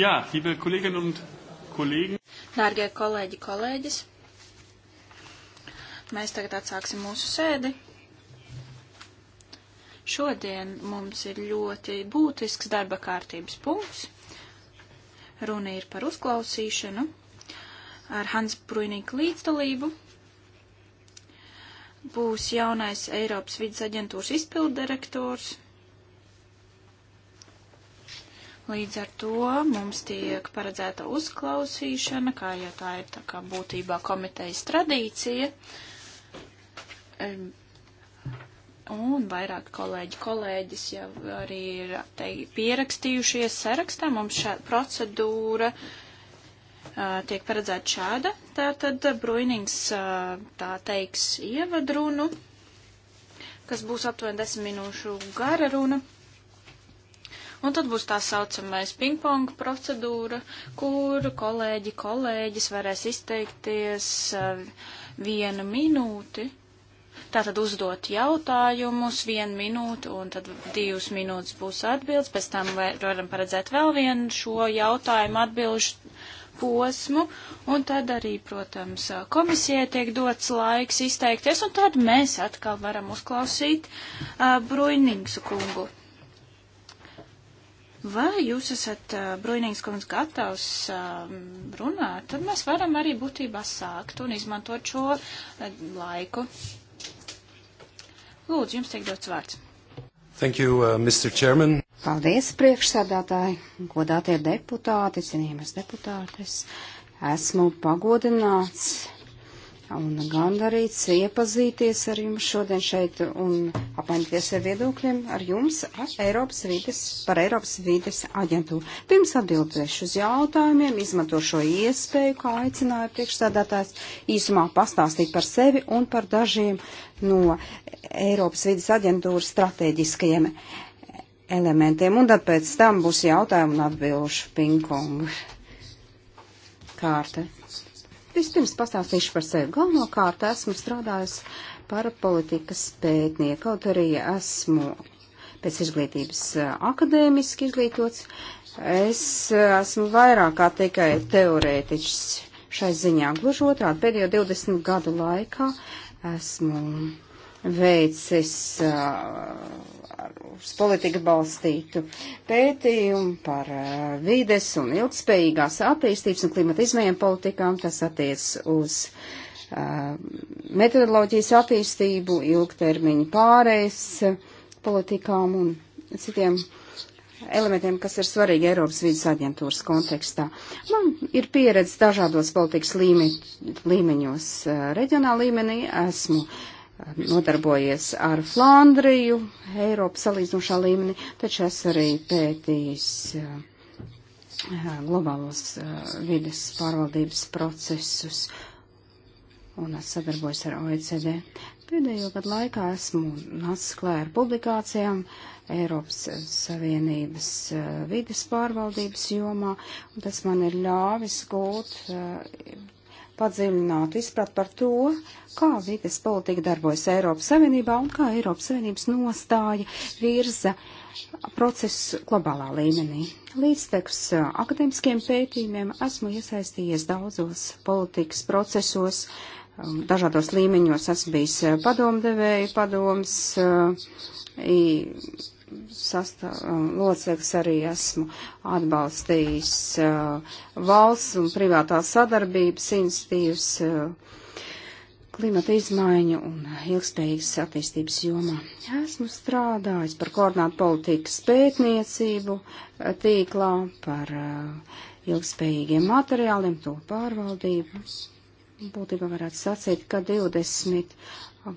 Jā, liebe Kolleginnen un Kollegen. Dārgie kolēģi, kolēģis. Mēs tagad atsāksim mūsu sēdi. Šodien mums ir ļoti būtisks darba kārtības punkts. Runa ir par uzklausīšanu ar Hans Bruinīku līdzdalību. Būs jaunais Eiropas vidas aģentūras izpildirektors Līdz ar to mums tiek paredzēta uzklausīšana, kā jau tā ir tā kā būtībā komitejas tradīcija. Un vairāk kolēģi kolēģis jau arī ir te, pierakstījušies sarakstā. Mums šā procedūra uh, tiek paredzēta šāda. Tātad Bruinings uh, tā teiks ievadrunu, kas būs aptuveni desmit minūšu gara runa. Uh, Un tad būs tā saucamais pingpong procedūra, kur kolēģi, kolēģis varēs izteikties eh, vienu minūti. Tātad uzdot jautājumus, vienu minūti, un tad divas minūtes būs atbildes, pēc tam varam paredzēt vēl vienu šo jautājumu atbilžu posmu, un tad arī, protams, komisijai tiek dots laiks izteikties, un tad mēs atkal varam uzklausīt uh, Bruiningsu kungu. Vai jūs esat, Bruinīgs kungs, gatavs runāt, tad mēs varam arī būtībā sākt un izmantot šo laiku. Lūdzu, jums tiek dots vārds. Thank you, uh, Mr. Chairman. Paldies, priekšsādātāji, godātie deputāti, cienījamas deputātes. Esmu pagodināts un gandarīts iepazīties ar jums šodien šeit un apmainīties ar viedokļiem ar jums ar Eiropas vides, par Eiropas vides aģentūru. Pirms atbildēšu uz jautājumiem, izmanto šo iespēju, kā aicināja priekšstādātājs, īsumā pastāstīt par sevi un par dažiem no Eiropas vides aģentūras strateģiskajiem elementiem, un tad pēc tam būs jautājumu un atbilžu pingpong kārta. Vispirms pastāstīšu par sevi. Galvenokārt esmu strādājusi par politikas pētnieku, kaut arī esmu pēc izglītības akadēmiski izglītots. Es esmu vairāk kā tikai teorētiķis šai ziņā. Gluži otrādi, pēdējo 20 gadu laikā esmu veicis uz politiku balstītu pētījumu par vides un ilgspējīgās attīstības un klimata izmējiem politikām. Tas attiec uz metodoloģijas attīstību, ilgtermiņu pārējas politikām un citiem elementiem, kas ir svarīgi Eiropas vidas aģentūras kontekstā. Man ir pieredze dažādos politikas līme, līmeņos. Reģionāla līmenī esmu nodarbojies ar Flandriju, Eiropas salīdzinošā līmenī, taču es arī pētījis eh, eh, globālos eh, vides pārvaldības procesus un es sadarbojos ar OECD. Pēdējo gadu laikā esmu nācis klāja ar publikācijām Eiropas Savienības vides pārvaldības jomā, un tas man ir ļāvis gūt padziļinātu izprat par to, kā vides politika darbojas Eiropas Savienībā un kā Eiropas Savienības nostāja virza procesu globālā līmenī. Līdztekus akadēmiskiem pētījumiem esmu iesaistījies daudzos politikas procesos, dažādos līmeņos esmu bijis padomdevēju padoms, Um, loceklis arī esmu atbalstījis uh, valsts un privātās sadarbības institīvas uh, klimata izmaiņu un ilgspējīgas attīstības jomā. Esmu strādājis par koordinātu politikas pētniecību uh, tīklā, par uh, ilgspējīgiem materiāliem, to pārvaldību. Būtībā varētu sacīt, ka 20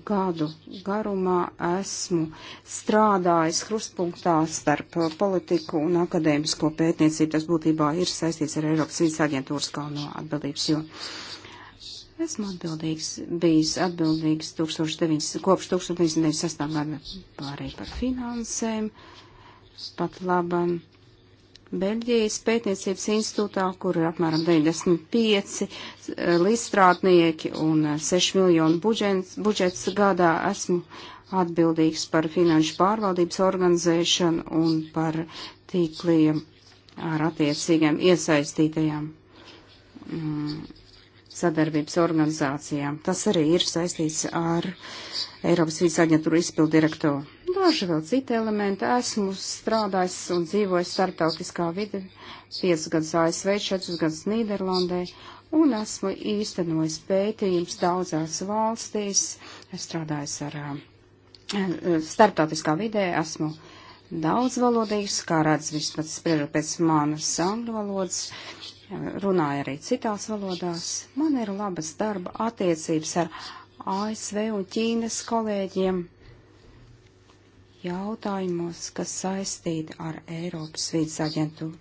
gadu garumā esmu strādājis krustpunktā starp politiku un akadēmisko pētniecību. Tas būtībā ir saistīts ar Eiropas vidas aģentūras galveno atbildības, jo esmu atbildīgs, bijis atbildīgs 19, kopš 1998. gada pārēj par finansēm, pat labam Beļģijas pētniecības institūtā, kur ir apmēram 95 eh, līdzstrādnieki un 6 eh, miljonu budžets, budžets gadā esmu atbildīgs par finanšu pārvaldības organizēšanu un par tīkliem ar attiecīgiem iesaistītajām mm, sadarbības organizācijām. Tas arī ir saistīts ar Eiropas vidas aģentūru izpildirektoru daži vēl citi elementi. Esmu strādājis un dzīvojis starptautiskā vide, 5 gadus ASV, 4 gadus Nīderlandē, un esmu īstenojis pētījums daudzās valstīs. Es strādājis ar um, eh, starptautiskā vidē, esmu daudzvalodīgs, kā redz vispār spriežot pēc manas angļu valodas, eh, runāju arī citās valodās. Man ir labas darba attiecības ar ASV un Ķīnas kolēģiem jautājumos, kas saistīti ar Eiropas vīdes aģentūru.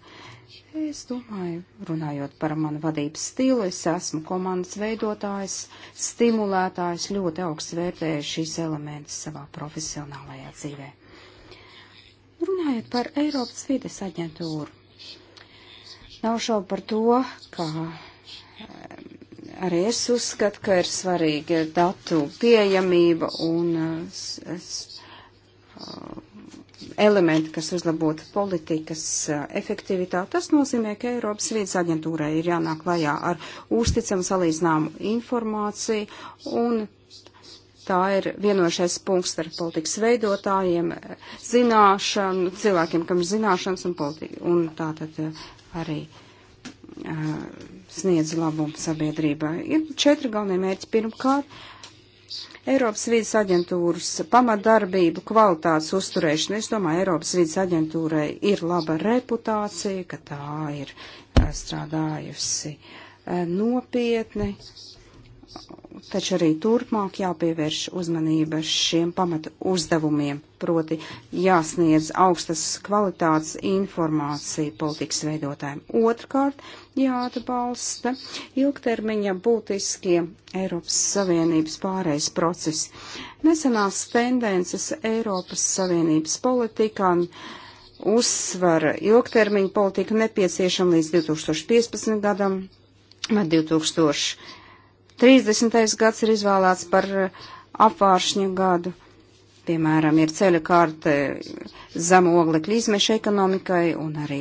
Es domāju, runājot par manu vadības stilu, es esmu komandas veidotājs, stimulētājs, ļoti augsts vērtēju šīs elementus savā profesionālajā dzīvē. Runājot par Eiropas vides aģentūru, nav šaubu par to, ka eh, arī es uzskatu, ka ir svarīga datu pieejamība un eh, elementi, kas uzlabotu politikas efektivitāti. Tas nozīmē, ka Eiropas vīdes aģentūrai ir jānāk lajā ar uzticamu salīdzināmu informāciju, un tā ir vienošais punkts starp politikas veidotājiem, zināšanu, cilvēkiem, kam ir zināšanas un politika, un tā tad arī uh, sniedz labumu sabiedrībai. Ir četri galvenie mērķi. Pirmkārt, Eiropas vīdes aģentūras pamatdarbību kvalitātes uzturēšana. Es domāju, Eiropas vīdes aģentūrai ir laba reputācija, ka tā ir eh, strādājusi eh, nopietni, taču arī turpmāk jāpievērš uzmanība šiem pamata uzdevumiem, proti jāsniedz augstas kvalitātes informācija politikas veidotājiem. Otrkārt, jāatbalsta ilgtermiņa būtiskie Eiropas Savienības pārējais procesi. Nesenās tendences Eiropas Savienības politikā uzsvara ilgtermiņa politika nepieciešama līdz 2015. gadam vai 2030. gads ir izvēlēts par apvāršņu gadu. Piemēram, ir ceļa kārta zemu oglekļu izmešu ekonomikai un arī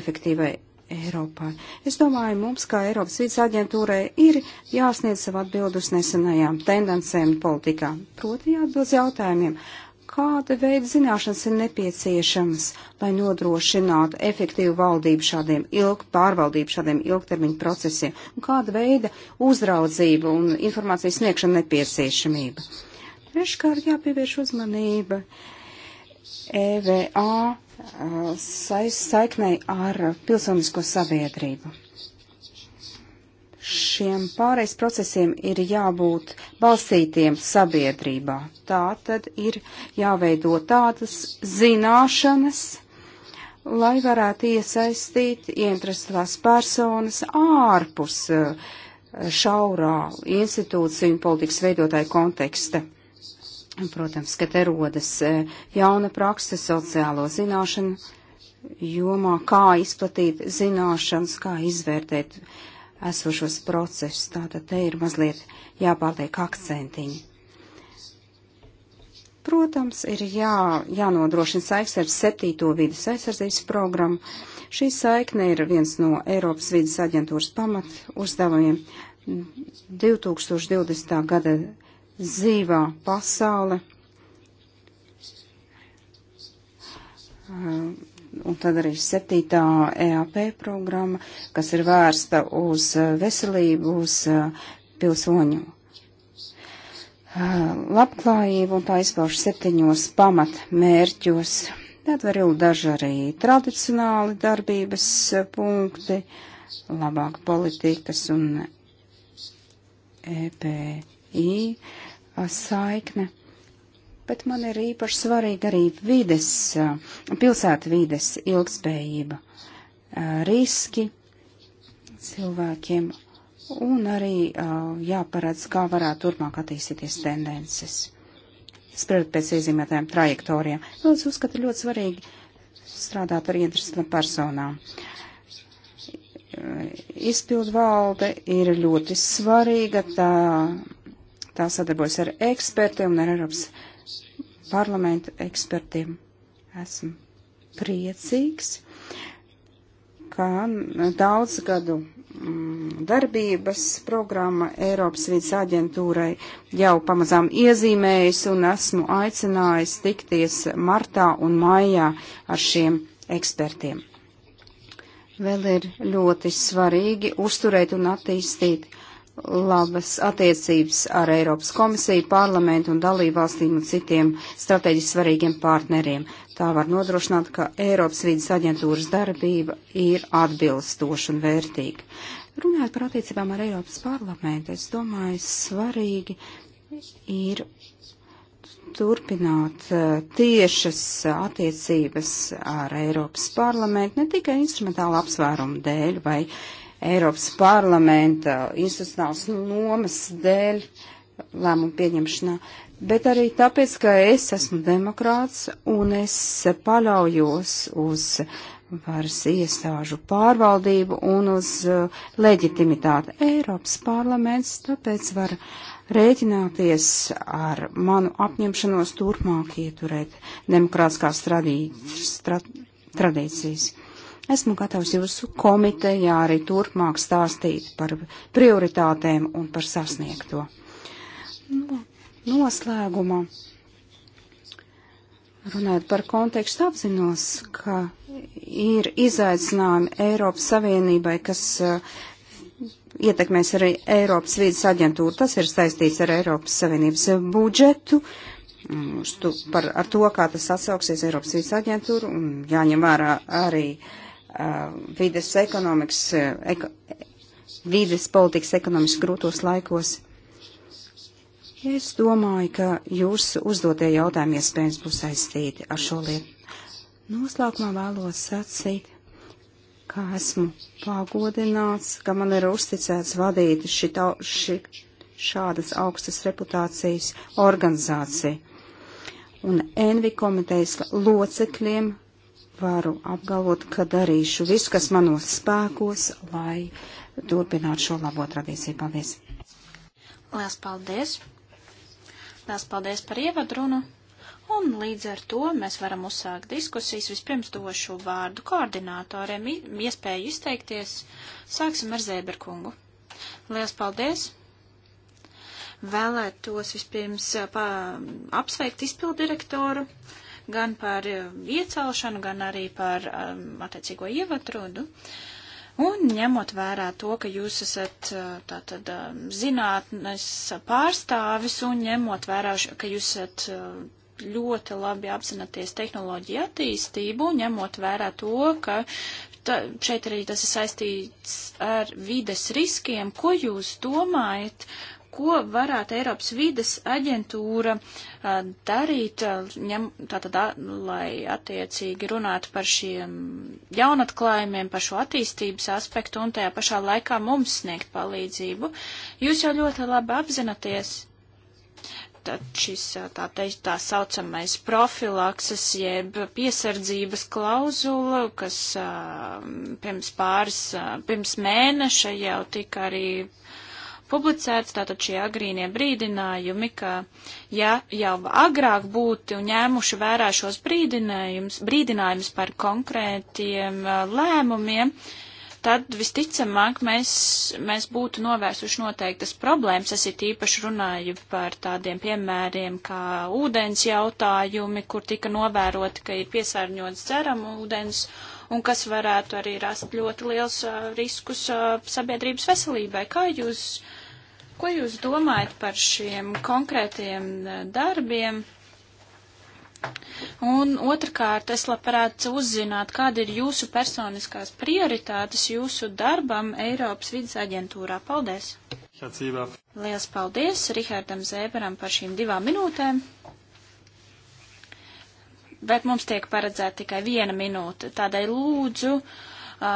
efektīvai Eiropai. Es domāju, mums kā Eiropas vidas aģentūrai ir jāsniedz savu atbildu uz nesenajām tendencēm politikā. Proti jāatbild jautājumiem, kāda veida zināšanas ir nepieciešamas, lai nodrošinātu efektīvu valdību šādiem ilg, pārvaldību šādiem ilgtermiņu procesiem, un kāda veida uzraudzība un informācijas sniegšana nepieciešamība. Treškārt jāpievērš uzmanība EVA uh, saiknei ar pilsonisko sabiedrību. Šiem pārejas procesiem ir jābūt balstītiem sabiedrībā. Tā tad ir jāveido tādas zināšanas, lai varētu iesaistīt ieinteresētās personas ārpus uh, šaurā institūciju un politikas veidotāju konteksta Protams, ka te rodas e, jauna praksa sociālo zināšanu jomā, kā izplatīt zināšanas, kā izvērtēt esošos procesus. Tātad te ir mazliet jāpārliek akcentiņi. Protams, ir jā, jānodrošina saiks ar septīto vidas aizsardzības programmu. Šī saikne ir viens no Eiropas vidas aģentūras pamat uzdevumiem 2020. gada dzīvā pasaule. Un tad arī septītā EAP programma, kas ir vērsta uz uh, veselību, uz uh, pilsoņu uh, labklājību un tā izpauž septiņos pamat mērķos. Tad var jau daži arī tradicionāli darbības punkti, labāk politikas un EPI saikne. Bet man ir īpaši svarīga arī vides, pilsētu vides ilgspējība, riski cilvēkiem un arī jāparedz, kā varētu turpmāk attīstīties tendences. Spriežot pēc iezīmētājiem trajektorijām. Vēl es uzskatu ļoti svarīgi strādāt ar interesantām personām. Izpildu valde ir ļoti svarīga, tā Tā sadarbojas ar ekspertiem un ar Eiropas parlamentu ekspertiem. Esmu priecīgs, ka daudz gadu mm, darbības programma Eiropas vidas aģentūrai jau pamazām iezīmējas un esmu aicinājis tikties martā un maijā ar šiem ekspertiem. Vēl ir ļoti svarīgi uzturēt un attīstīt labas attiecības ar Eiropas komisiju, parlamentu un dalībvalstīm un citiem strateģiski svarīgiem partneriem. Tā var nodrošināt, ka Eiropas vīdes aģentūras darbība ir atbilstoša un vērtīga. Runājot par attiecībām ar Eiropas parlamentu, es domāju, svarīgi ir turpināt uh, tiešas attiecības ar Eiropas parlamentu ne tikai instrumentāla apsvērumu dēļ vai Eiropas parlamenta institucionāls nomas dēļ lēmumu pieņemšanā, bet arī tāpēc, ka es esmu demokrāts un es paļaujos uz varas iestāžu pārvaldību un uz uh, leģitimitāti. Eiropas parlaments tāpēc var rēķināties ar manu apņemšanos turpmāk ieturēt demokrātiskās tradīcijas. Esmu gatavs jūsu komitejā arī turpmāk stāstīt par prioritātēm un par sasniegto. Nu, noslēgumā, runājot par kontekstu, apzinos, ka ir izaicinājumi Eiropas Savienībai, kas uh, ietekmēs arī Eiropas vīdes aģentūru. Tas ir saistīts ar Eiropas Savienības budžetu, mm, par, ar to, kā tas atsauksies Eiropas vīdes aģentūru, un jāņem vērā arī uh, Uh, vides ekonomikas, uh, eko, vides politikas ekonomiski grūtos laikos. Es domāju, ka jūsu uzdotie jautājumi iespējams būs saistīti ar šo lietu. Noslēgumā vēlos sacīt, ka esmu pagodināts, ka man ir uzticēts vadīt šita, ši, šādas augstas reputācijas organizāciju. Un Envi komitejas locekļiem varu apgalvot, ka darīšu visu, kas manos spēkos, lai turpinātu šo labo tradīciju. Paldies! Lielas paldies! Lielas paldies par ievadrunu! Un līdz ar to mēs varam uzsākt diskusijas. Vispirms došu vārdu koordinātoriem, iespēju izteikties. Sāksim ar Zēberkungu. Lielas paldies! Vēlētos vispirms eh, pa, apsveikt izpildirektoru. direktoru gan par eh, iecelšanu, gan arī par um, attiecīgo ievadrodu. Un ņemot vērā to, ka jūs esat eh, tātad um, zinātnes pārstāvis un ņemot vērā, ka jūs esat eh, ļoti labi apzināties tehnoloģiju attīstību, ņemot vērā to, ka ta, šeit arī tas ir saistīts ar vides riskiem. Ko jūs domājat ko varētu Eiropas vides aģentūra darīt, ņem, tātad, lai attiecīgi runātu par šiem jaunatklājumiem, par šo attīstības aspektu un tajā pašā laikā mums sniegt palīdzību. Jūs jau ļoti labi apzināties. Tad šis tā, teikt, tā saucamais profilakses jeb piesardzības klauzula, kas pirms pāris, pirms mēneša jau tika arī publicēts, tātad šie agrīnie brīdinājumi, ka ja jau agrāk būtu ņēmuši vērā šos brīdinājumus, brīdinājumus par konkrētiem lēmumiem, tad visticamāk mēs, mēs būtu novērsuši noteiktas problēmas. Es it īpaši runāju par tādiem piemēriem kā ūdens jautājumi, kur tika novēroti, ka ir piesārņots dzeram ūdens un kas varētu arī rast ļoti liels uh, riskus uh, sabiedrības veselībai. Kā jūs, ko jūs domājat par šiem konkrētiem uh, darbiem? Un otrkārt, es labprāt uzzināt, kāda ir jūsu personiskās prioritātes jūsu darbam Eiropas vidas aģentūrā. Paldies! Liels paldies Rihardam Zēberam par šīm divām minūtēm! bet mums tiek paredzēta tikai viena minūte. Tādēļ lūdzu, uh,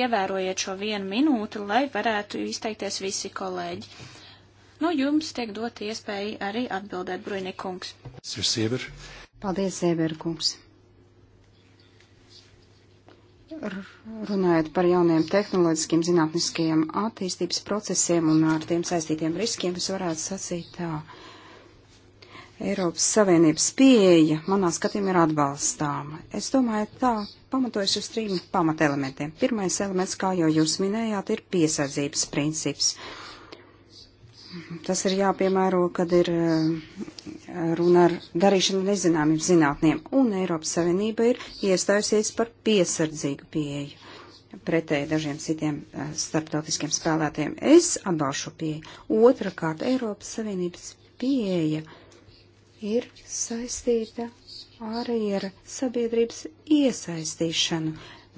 ievērojiet šo vienu minūti, lai varētu izteikties visi kolēģi. Nu, jums tiek dota iespēja arī atbildēt, Bruinikungs. Paldies, Zēberkungs. Runājot par jauniem tehnoloģiskiem zinātniskajiem attīstības procesiem un ar tiem saistītiem riskiem, es varētu sacīt tā. Uh, Eiropas Savienības pieeja, manā skatījumā, ir atbalstāma. Es domāju, tā pamatojas uz trim pamatelementiem. Pirmais elements, kā jau jūs minējāt, ir piesardzības princips. Tas ir jāpiemēro, kad ir eh, runa ar darīšanu nezināmiem zinātniem, un Eiropas Savienība ir iestājusies par piesardzīgu pieeju pretēji dažiem citiem eh, starptautiskiem spēlētiem. Es atbalšu pieeju. Otrakārt, Eiropas Savienības pieeja ir saistīta arī ar sabiedrības iesaistīšanu.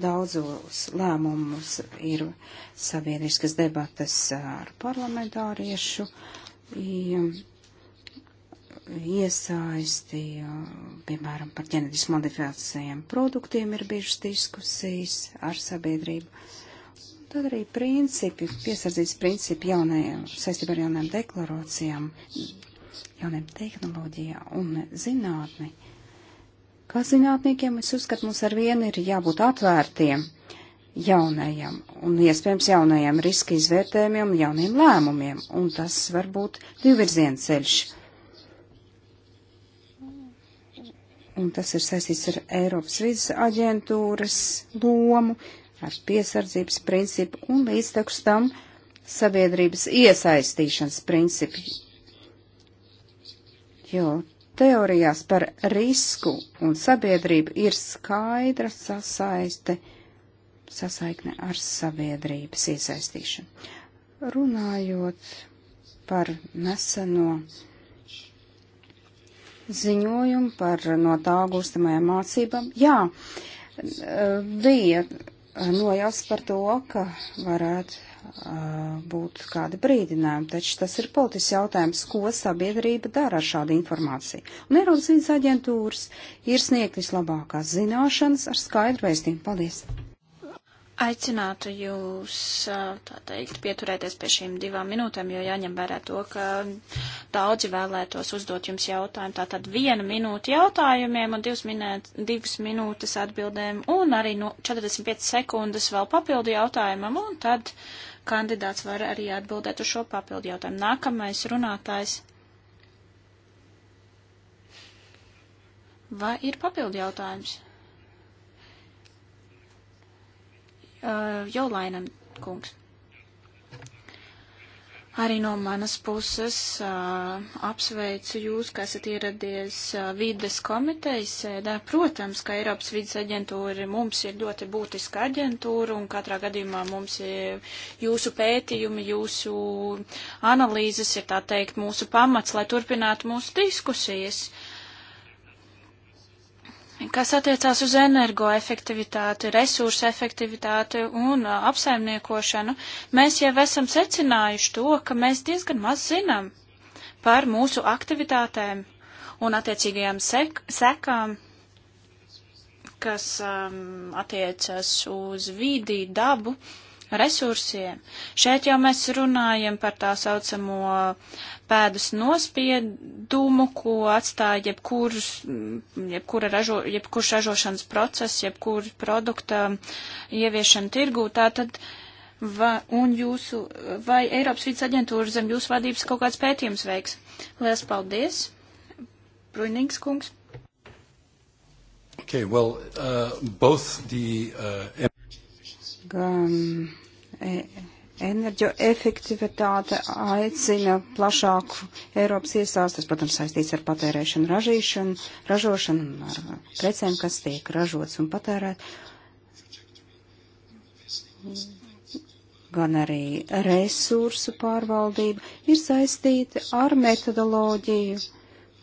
Daudzos lēmumus ir sabiedriskas debatas ar parlamentāriešu iesaisti, piemēram, par ģenetiski modificētajiem produktiem ir bijušas diskusijas ar sabiedrību. Tad arī principi, piesardzības principi jaunajiem, saistībā ar jaunajām deklarācijām, jauniem tehnoloģijā un zinātni. Kā zinātniekiem es uzskatu, mums ar vienu ir jābūt atvērtiem jaunajam un iespējams jaunajam riska izvērtējumiem un jauniem lēmumiem, un tas var būt divvirziena ceļš. Un tas ir saistīts ar Eiropas vizas aģentūras lomu, ar piesardzības principu un līdztekus tam sabiedrības iesaistīšanas principu jo teorijās par risku un sabiedrību ir skaidra sasaiste, sasaikne ar sabiedrības iesaistīšanu. Runājot par neseno ziņojumu par no tā gūstamajām mācībām, jā, eh, bija nojaus par to, ka varētu uh, būt kādi brīdinājumi, taču tas ir politisks jautājums, ko sabiedrība dara ar šādu informāciju. Un Eiropas vidas aģentūras ir sniegt vislabākās zināšanas ar skaidru vēstījumu. Paldies! aicinātu jūs, tā teikt, pieturēties pie šīm divām minūtēm, jo jāņem vērā to, ka daudzi vēlētos uzdot jums jautājumu. Tātad viena minūte jautājumiem un divas, minēt, divas minūtes atbildēm un arī no 45 sekundes vēl papildu jautājumam un tad kandidāts var arī atbildēt uz šo papildu jautājumu. Nākamais runātājs. Vai ir papildu jautājums? uh, Jolainam kungs. Arī no manas puses uh, apsveicu jūs, ka esat ieradies uh, vides komitejas sēdē. Protams, ka Eiropas vides aģentūra mums ir ļoti būtiska aģentūra un katrā gadījumā mums ir jūsu pētījumi, jūsu analīzes ir tā teikt mūsu pamats, lai turpinātu mūsu diskusijas. Uh, kas attiecās uz energoefektivitāti, resursu efektivitāti un apsaimniekošanu, mēs jau esam secinājuši to, ka mēs diezgan maz zinām par mūsu aktivitātēm un attiecīgajām sek sekām, kas um, attiecas uz vīdī, dabu, resursiem. Šeit jau mēs runājam par tā saucamo uh, pēdas nospiedumu, ko atstāja jebkurš, mm, jebkura ražo, jebkurš ražošanas process, jebkura produkta ieviešana tirgū. Tātad, va, un jūsu, vai Eiropas vidas aģentūra zem jūsu vadības kaut kāds pētījums veiks? Lielas paldies, Bruinīgs kungs. Okay, well, uh, both the, uh, gan e, Enerģoefektivitāte aicina plašāku Eiropas iesāstu, tas, protams, saistīts ar patērēšanu, ražīšanu, ražošanu un ar precēm, kas tiek ražots un patērēt, gan arī resursu pārvaldība ir saistīta ar metodoloģiju,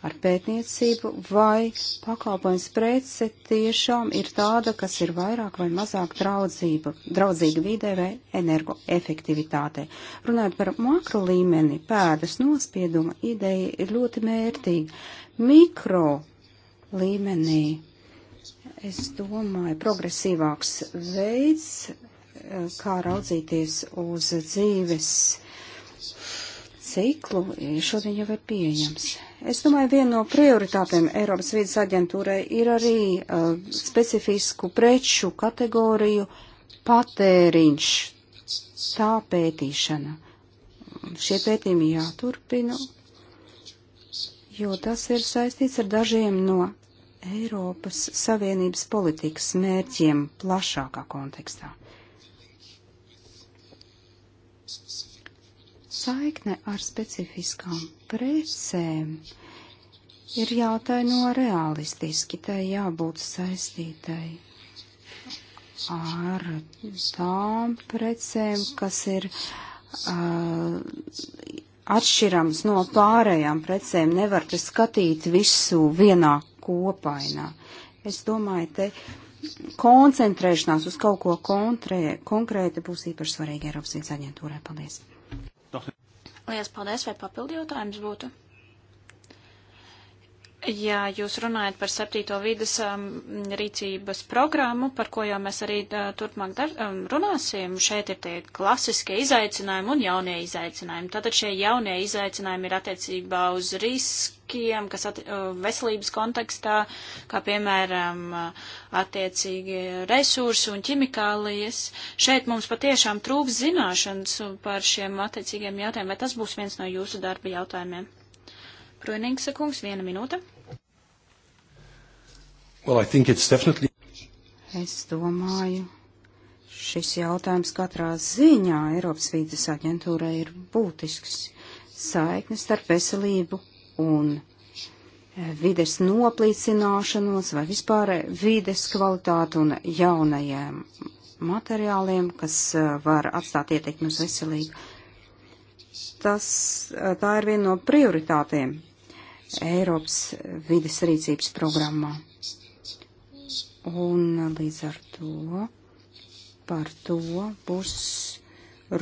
ar pētniecību, vai pakalpojums prece tiešām ir tāda, kas ir vairāk vai mazāk draudzība, draudzīga vidē vai energoefektivitātei. Runājot par makro līmeni, pēdas nospieduma ideja ir ļoti mērtīga. Mikro līmenī, es domāju, progresīvāks veids, kā raudzīties uz dzīves ciklu šodien jau ir pieejams. Es domāju, viena no prioritātēm Eiropas vidas aģentūrai ir arī uh, specifisku preču kategoriju patēriņš, tā pētīšana. Šie pētījumi jāturpina, jo tas ir saistīts ar dažiem no Eiropas Savienības politikas mērķiem plašākā kontekstā. saikne ar specifiskām precēm ir jātāja no realistiski, tai jābūt saistītai ar tām precēm, kas ir uh, atšķirams no pārējām precēm. Nevar te skatīt visu vienā kopainā. Es domāju, te koncentrēšanās uz kaut ko kontrē, konkrēti būs īpaši svarīgi Eiropas vidas aģentūrai. Paldies! Lielas paldies, vai papildu jautājums būtu? Jā, jūs runājat par septīto vidas um, rīcības programmu, par ko jau mēs arī uh, turpmāk dar, um, runāsim. Šeit ir tie klasiskie izaicinājumi un jaunie izaicinājumi. Tātad šie jaunie izaicinājumi ir attiecībā uz riskiem, kas at, uh, veselības kontekstā, kā piemēram uh, attiecīgi resursi un ķimikālijas. Šeit mums patiešām trūks zināšanas par šiem attiecīgiem jautājumiem, vai tas būs viens no jūsu darba jautājumiem. Proinīgs kungs, viena minūte. Well, definitely... Es domāju, šis jautājums katrā ziņā Eiropas vīdes aģentūrai ir būtisks. Saikne starp veselību un eh, vides noplīcināšanos vai vispār vides kvalitāti un jaunajiem materiāliem, kas eh, var atstāt ietekmi uz veselību. Tas, eh, tā ir viena no prioritātēm Eiropas vides rīcības programmā. Un līdz ar to par to būs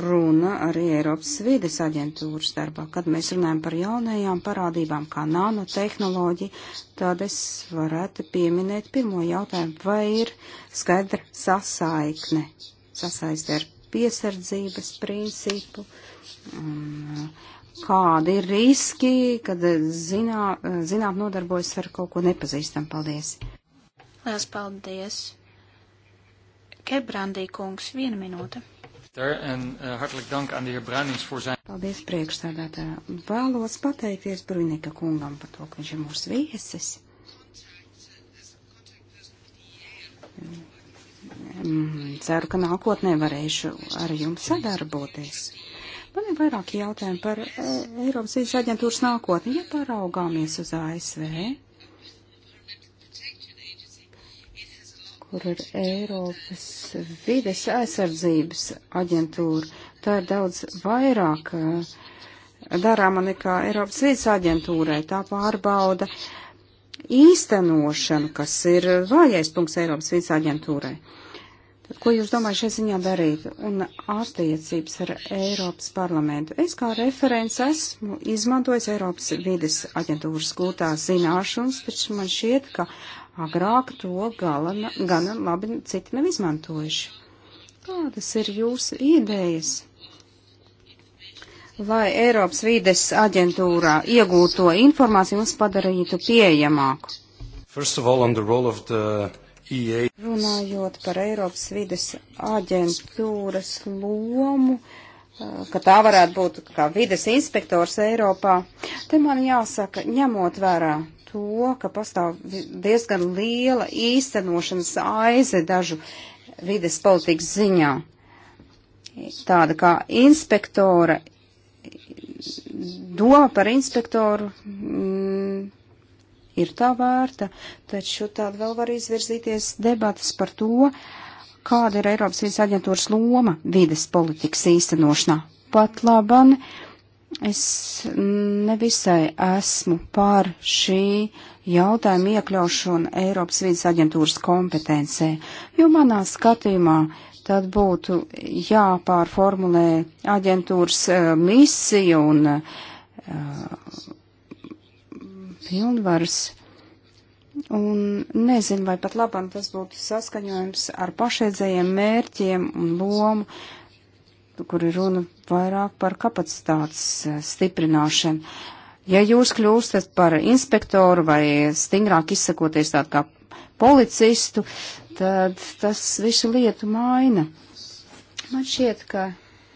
runa arī Eiropas vides aģentūras darbā. Kad mēs runājam par jaunajām parādībām, kā nanotehnoloģija, tad es varētu pieminēt pirmo jautājumu, vai ir skaidra sasaikne, sasaiste ar piesardzības principu. Un, kādi ir riski, kad eh, zinā, eh, zināt nodarbojas ar kaut ko nepazīstam. Paldies! Lielas paldies! Kebrandī kungs, viena minūte. En, uh, hartelijk dank aan de heer Bruinings voor zijn. Paldies priekšstādātā. Vēlos pateikties Bruinika kungam par to, ka viņš ir mūsu viesis. Mm, mm, ceru, ka nākotnē varēšu ar jums sadarboties. Man ir vairāki jautājumi par e, Eiropas vīdes aģentūras nākotni. Ja paraugāmies uz ASV, kur ir Eiropas vides aizsardzības aģentūra, tā ir daudz vairāk e, darāma nekā Eiropas vīdes aģentūrai. Tā pārbauda īstenošanu, kas ir vājais punkts Eiropas vīdes aģentūrai. Ko jūs domājat šajā ziņā darīt? Un ārstniecības ar Eiropas parlamentu. Es kā referents esmu izmantojis Eiropas vides aģentūras gūtās zināšanas, taču man šķiet, ka agrāk to gala, gana labi citi nav izmantojuši. Kādas ir jūsu idejas? lai Eiropas vīdes aģentūrā iegūto informāciju mums padarītu pieejamāku. All, the... Runājot par Eiropas vides aģentūras lomu, eh, ka tā varētu būt kā vides inspektors Eiropā, te man jāsaka, ņemot vērā to, ka pastāv diezgan liela īstenošanas aize dažu vides politikas ziņā. Tāda kā inspektora, doma par inspektoru. Mm, ir tā vērta, taču tad vēl var izvirzīties debatas par to, kāda ir Eiropas vidas aģentūras loma vides politikas īstenošanā. Pat laban es nevisai esmu pār šī jautājuma iekļaušanu Eiropas vidas aģentūras kompetencē, jo manā skatījumā tad būtu jāpārformulē aģentūras uh, misija un uh, pilnvaras. Un nezinu, vai pat labam tas būtu saskaņojums ar pašreizējiem mērķiem un lomu, kur ir runa vairāk par kapacitātes eh, stiprināšanu. Ja jūs kļūstat par inspektoru vai stingrāk izsakoties tādu kā policistu, tad tas visu lietu maina. Man šķiet, ka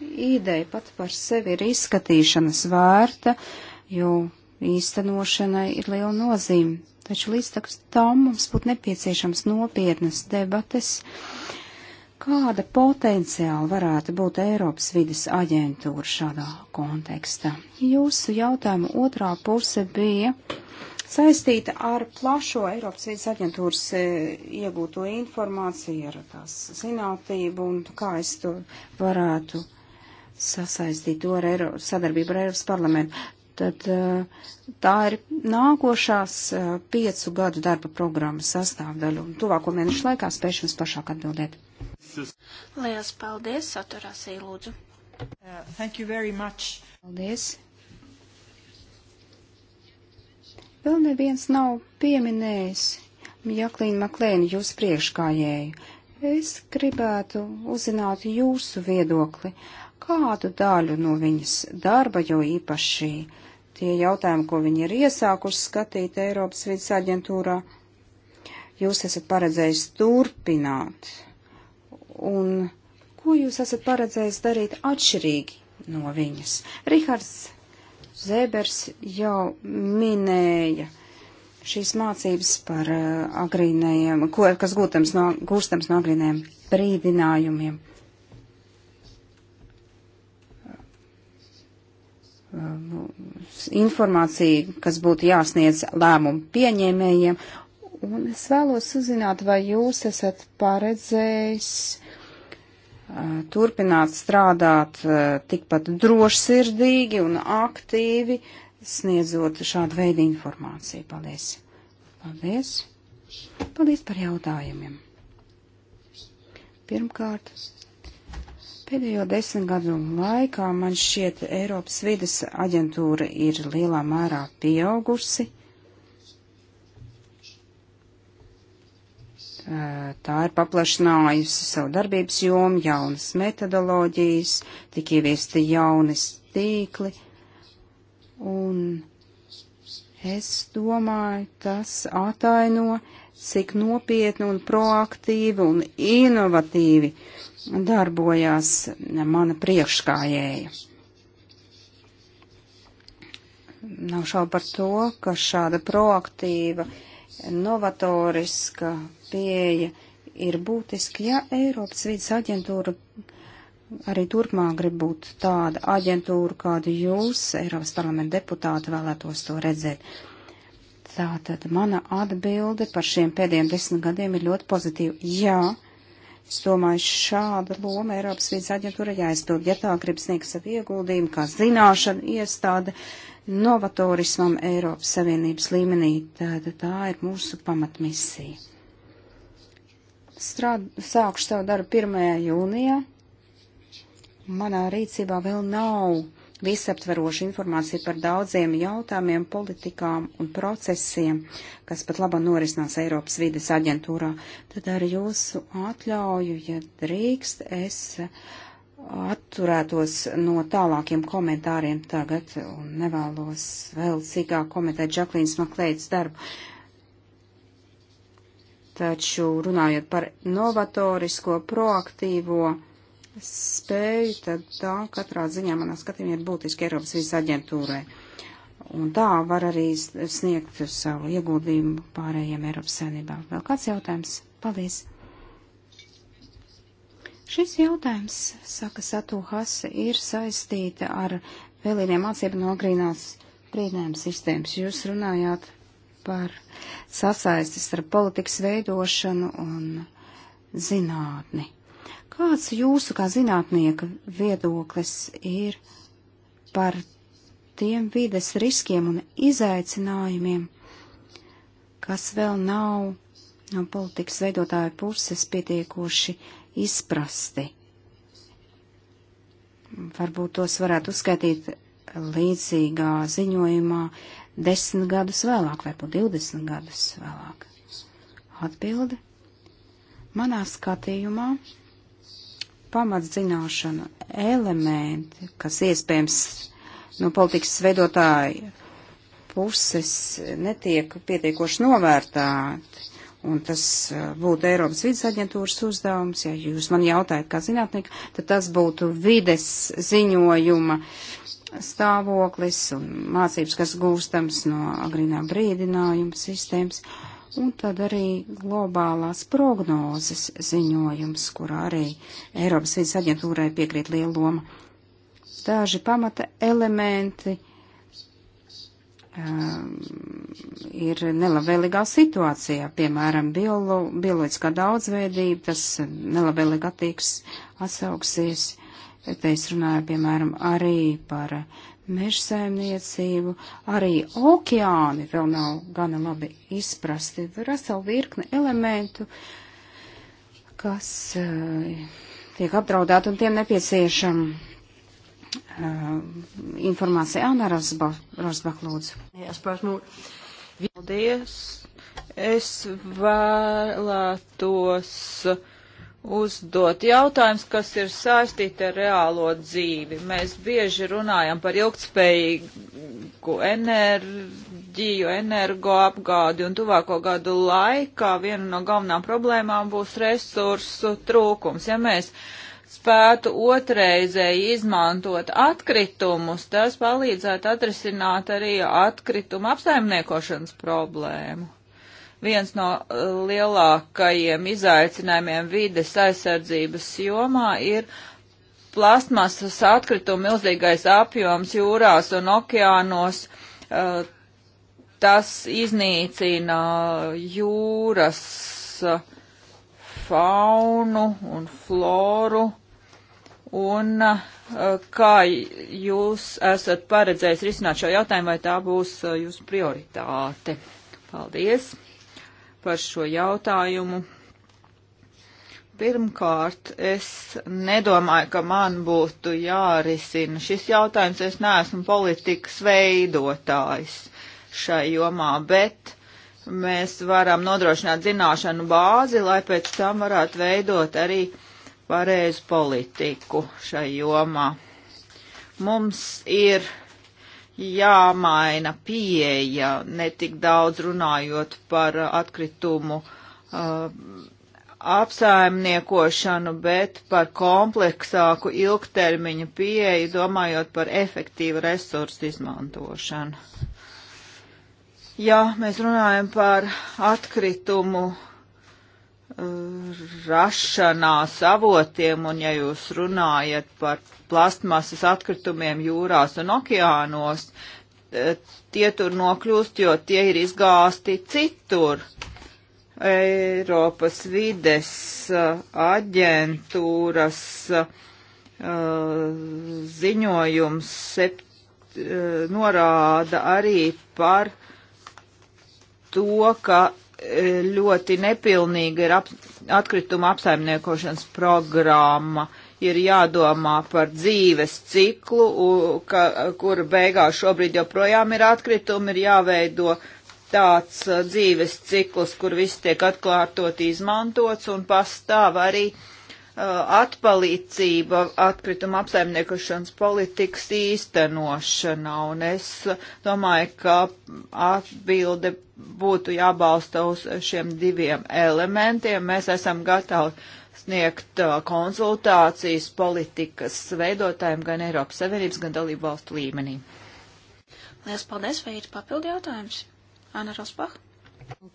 ideja pat par sevi ir izskatīšanas vērta, jo īstenošanai ir liela nozīme. Taču līdz tam mums būtu nepieciešams nopietnas debates, kāda potenciāli varētu būt Eiropas vides aģentūra šādā kontekstā. Jūsu jautājuma otrā puse bija saistīta ar plašo Eiropas vides aģentūras e, iegūto informāciju, ar tās zinātību un kā es to varētu sasaistīt to ar Eiro, sadarbību ar Eiropas parlamentu tad eh, tā ir nākošās eh, piecu gadu darba programmas sastāvdaļa. Un tuvāko mēnešu laikā spēšu jums pašāk atbildēt. Lielas paldies, saturāsī lūdzu. Uh, thank you very much. Paldies. Vēl neviens nav pieminējis Jaklīnu Maklēnu jūs priekškājēju. Es gribētu uzzināt jūsu viedokli, kādu daļu no viņas darba, jo īpaši uh, tie jautājumi, ko viņi ir iesākuši skatīt Eiropas vidas aģentūrā, jūs esat paredzējis turpināt. Un ko jūs esat paredzējis darīt atšķirīgi no viņas? Rihards Zēbers jau minēja šīs mācības par uh, agrīnējiem, ko, kas gūtams no, gūstams no agrīnējiem brīdinājumiem. Uh, informācija, kas būtu jāsniedz lēmumu pieņēmējiem. Un es vēlos uzzināt, vai jūs esat paredzējis uh, turpināt strādāt uh, tikpat drošsirdīgi un aktīvi, sniedzot šādu veidu informāciju. Paldies! Paldies! Paldies par jautājumiem! Pirmkārt, Pēdējo desmit gadu laikā man šķiet Eiropas vides aģentūra ir lielā mērā pieaugusi. Tā ir paplašinājusi savu darbības jomu, jaunas metodoloģijas, tik ieviesti jaunas tīkli. Un es domāju, tas ataino cik nopietni un proaktīvi un inovatīvi darbojās mana priekškājēja. Nav šaubu par to, ka šāda proaktīva, novatoriska pieeja ir būtiska, ja Eiropas vidas aģentūra arī turpmāk grib būt tāda aģentūra, kādu jūs, Eiropas parlamenta deputāti, vēlētos to redzēt. Tātad mana atbilde par šiem pēdējiem desmit gadiem ir ļoti pozitīva. Jā, es domāju, šāda loma Eiropas vīdes aģentūra jāizpild, ja tā grib sniegt savu ieguldījumu, kā zināšana iestāde novatorismam Eiropas Savienības līmenī. Tātad tā ir mūsu pamatmisija. Strād, sākšu savu darbu 1. jūnijā. Manā rīcībā vēl nav visaptverošu informāciju par daudziem jautājumiem, politikām un procesiem, kas pat laba norisinās Eiropas vides aģentūrā. Tad ar jūsu atļauju, ja drīkst, es atturētos no tālākiem komentāriem tagad un nevēlos vēl sīkāk komentēt Džaklīnas Maklējas darbu. Taču runājot par novatorisko, proaktīvo, spēju, tad tā katrā ziņā manā skatījumā ir būtiski Eiropas vīzas aģentūrai. Un tā var arī sniegt savu ieguldījumu pārējiem Eiropas saimnībā. Vēl kāds jautājums? Paldies! Šis jautājums, saka Satū Hase, ir saistīta ar vēlīniem mācību no grīnās brīdinājuma sistēmas. Jūs runājāt par sasaisti starp politikas veidošanu un zinātni. Kāds jūsu kā zinātnieka viedoklis ir par tiem vides riskiem un izaicinājumiem, kas vēl nav no politikas veidotāju puses pietiekoši izprasti? Varbūt tos varētu uzskaitīt līdzīgā ziņojumā desmit gadus vēlāk, vai pat divdesmit gadus vēlāk. Atbilde. Manā skatījumā pamatzināšana elementi, kas iespējams no politikas veidotāja puses netiek pietiekoši novērtāti. Un tas uh, būtu Eiropas vidas aģentūras uzdevums. Ja jūs man jautājat, kā zinātnieki, tad tas būtu vides ziņojuma stāvoklis un mācības, kas gūstams no agrīnā brīdinājuma sistēmas. Uh, un tad arī globālās prognozes ziņojums, kur arī Eiropas vidas aģentūrai piekrīt liela loma. Daži pamata elementi um, ir nelabvēlīgā situācijā, piemēram, biolo, bioloģiskā daudzveidība, tas nelabvēlīgi attīks atsauksies. Te es runāju, piemēram, arī par mežsaimniecību, arī okeāni vēl nav gana labi izprasti. Vesela virkne elementu, kas uh, tiek apdraudēti un tiem nepieciešama uh, eh, informācija. Anna Rasbach, Rasbach lūdzu. Paldies. Es vēlētos. Uh, uzdot jautājums, kas ir saistīti ar reālo dzīvi. Mēs bieži runājam par ilgspējīgu enerģiju, energoapgādi, un tuvāko gadu laikā viena no galvenām problēmām būs resursu trūkums. Ja mēs spētu otrreizēji izmantot atkritumus, tas palīdzētu atrisināt arī atkritumu apsaimniekošanas problēmu viens no uh, lielākajiem izaicinājumiem vides aizsardzības jomā ir plastmasas atkritumu milzīgais apjoms jūrās un okeānos. Uh, tas iznīcina jūras uh, faunu un floru. Un kā jūs esat paredzējis risināt šo jautājumu, vai tā būs jūsu prioritāte? Paldies! par šo jautājumu. Pirmkārt, es nedomāju, ka man būtu jārisina šis jautājums. Es neesmu politikas veidotājs šai jomā, bet mēs varam nodrošināt zināšanu bāzi, lai pēc tam varētu veidot arī pareizu politiku šai jomā. Mums ir jāmaina pieeja, netik daudz runājot par atkritumu uh, apsaimniekošanu, bet par kompleksāku ilgtermiņu pieeju, domājot par efektīvu resursu izmantošanu. Ja mēs runājam par atkritumu rašanās avotiem, un ja jūs runājat par plastmasas atkritumiem jūrās un okeānos, tie tur nokļūst, jo tie ir izgāsti citur. Eiropas vides aģentūras ziņojums sept, norāda arī par to, ka ļoti nepilnīga ir ap, atkrituma apsaimniekošanas programma. Ir jādomā par dzīves ciklu, ka, kura beigās šobrīd joprojām ir atkritumi, ir jāveido tāds uh, dzīves cikls, kur viss tiek atkārtot, izmantots un pastāv arī uh, Uh, atpalīdzība atkrituma apsaimniekošanas politikas īstenošanā, un es domāju, ka atbilde būtu jābalsta uz šiem diviem elementiem. Mēs esam gatavi sniegt uh, konsultācijas politikas veidotājiem gan Eiropas Savienības, gan dalību valstu līmenī. Lielas paldies, vai ir papildi jautājums? Anna Rosbach?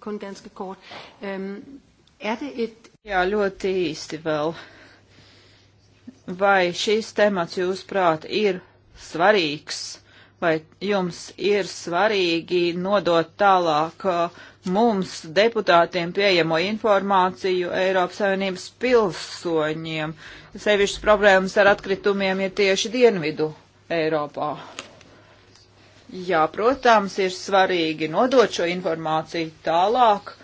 Kun ganske kort. Um, er det et Jā, ļoti īsti vēl. Vai šīs temats jūs prāt ir svarīgs? Vai jums ir svarīgi nodot tālāk uh, mums, deputātiem, pieejamo informāciju Eiropas Savienības pilsoņiem? Sevišķas problēmas ar atkritumiem ir tieši dienvidu Eiropā. Jā, protams, ir svarīgi nodot šo informāciju tālāk,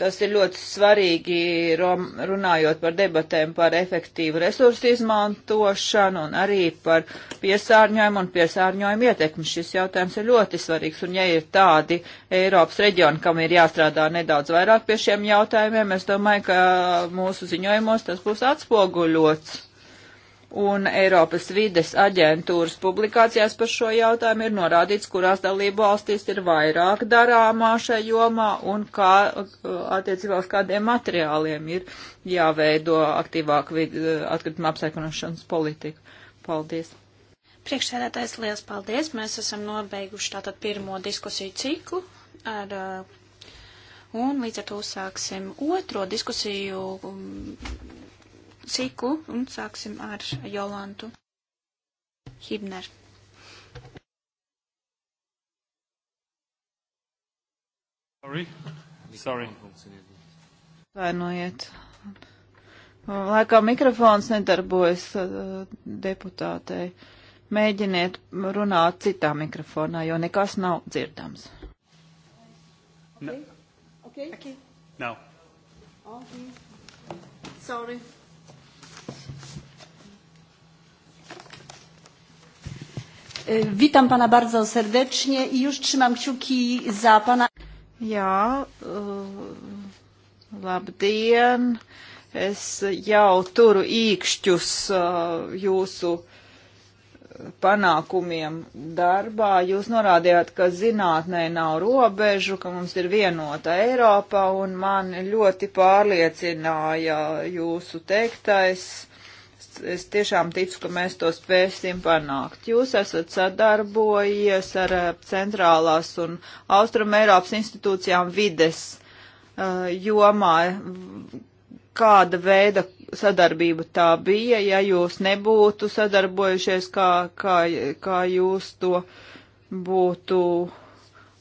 Tas ir ļoti svarīgi runājot par debatēm par efektīvu resursu izmantošanu un arī par piesārņojumu un piesārņojumu ietekmi. Šis jautājums ir ļoti svarīgs un ja ir tādi Eiropas reģioni, kam ir jāstrādā nedaudz vairāk pie šiem jautājumiem, es domāju, ka mūsu ziņojumos tas būs atspoguļots un Eiropas vides aģentūras publikācijās par šo jautājumu ir norādīts, kurās dalību valstīs ir vairāk darāmā šajā jomā un kā, attiecībā uz kādiem materiāliem ir jāveido aktīvāk atkrituma apsaikonošanas politika. Paldies! Priekšsēdētājs, liels paldies! Mēs esam nobeiguši tātad pirmo diskusiju ciklu ar. Un līdz ar to uzsāksim otro diskusiju um, ciku un sāksim ar Jolantu Hibner. Sorry. Sorry. Vainojiet. Laikam mikrofons nedarbojas uh, deputātei. Mēģiniet runāt citā mikrofonā, jo nekas nav dzirdams. No. Okay. Okay. Okay. No. Okay. Sorry. E, witam Pana bardzo serdecznie i już trzymam kciuki za Pana. Jā, e, labdien! Es jau turu īkšķus e, jūsu panākumiem darbā. Jūs norādījāt, ka zinātnē nav robežu, ka mums ir vienota Eiropa, un man ļoti pārliecināja jūsu teiktais es tiešām ticu, ka mēs to spēsim panākt. Jūs esat sadarbojies ar eh, centrālās un austrum Eiropas institūcijām vides eh, jomā. Kāda veida sadarbība tā bija, ja jūs nebūtu sadarbojušies, kā, kā, kā jūs to būtu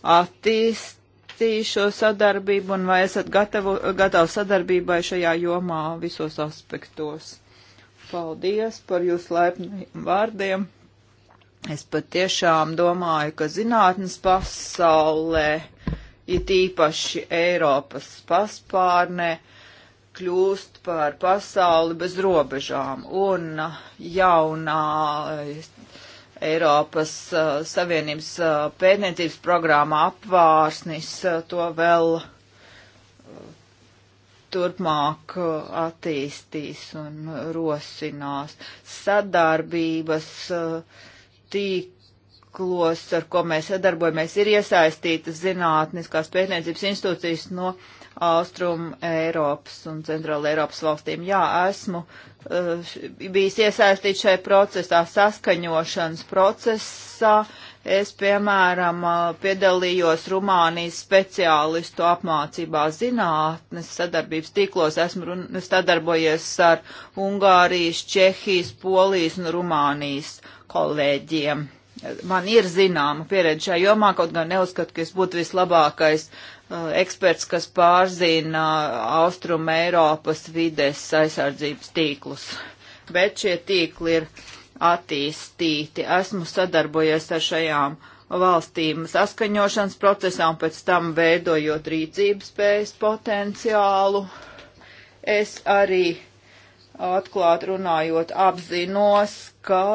attīst, attīstīju šo sadarbību un vai esat gatavu, gatavi sadarbībai šajā jomā visos aspektos? Paldies par jūsu laipniem vārdiem. Es patiešām domāju, ka zinātnes pasaulē, it īpaši Eiropas paspārnē, kļūst par pasauli bez robežām. Un jaunā eh, Eiropas eh, Savienības eh, pētniecības programma apvārsnis to vēl turpmāk uh, attīstīs un rosinās. Sadarbības uh, tīklos, ar ko mēs sadarbojamies, ir iesaistītas zinātniskās pētniecības institūcijas no Austrum Eiropas un Centrāla Eiropas valstīm. Jā, esmu uh, bijis iesaistīts šajā procesā, saskaņošanas procesā, Es, piemēram, piedalījos Rumānijas speciālistu apmācībā zinātnes sadarbības tīklos, esmu sadarbojies ar Ungārijas, Čehijas, Polijas un Rumānijas kolēģiem. Man ir zināma pieredze šajā jomā, kaut gan neuzskatu, ka es būtu vislabākais uh, eksperts, kas pārzina Austrum Eiropas vides aizsardzības tīklus. Bet šie tīkli ir attīstīti. Esmu sadarbojies ar šajām valstīm saskaņošanas procesā un pēc tam veidojot rīcības spējas potenciālu. Es arī atklāt runājot apzinos, ka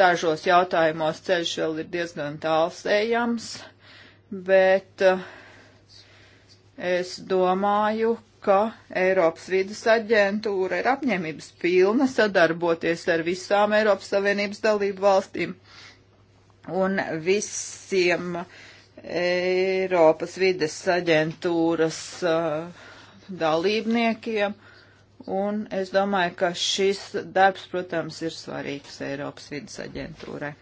dažos jautājumos ceļš vēl ir diezgan tāls ejams, bet eh, es domāju, ka Eiropas vidas aģentūra ir apņēmības pilna sadarboties ar visām Eiropas Savienības dalību valstīm un visiem Eiropas vides aģentūras uh, dalībniekiem. Un es domāju, ka šis darbs, protams, ir svarīgs Eiropas vidas aģentūrai.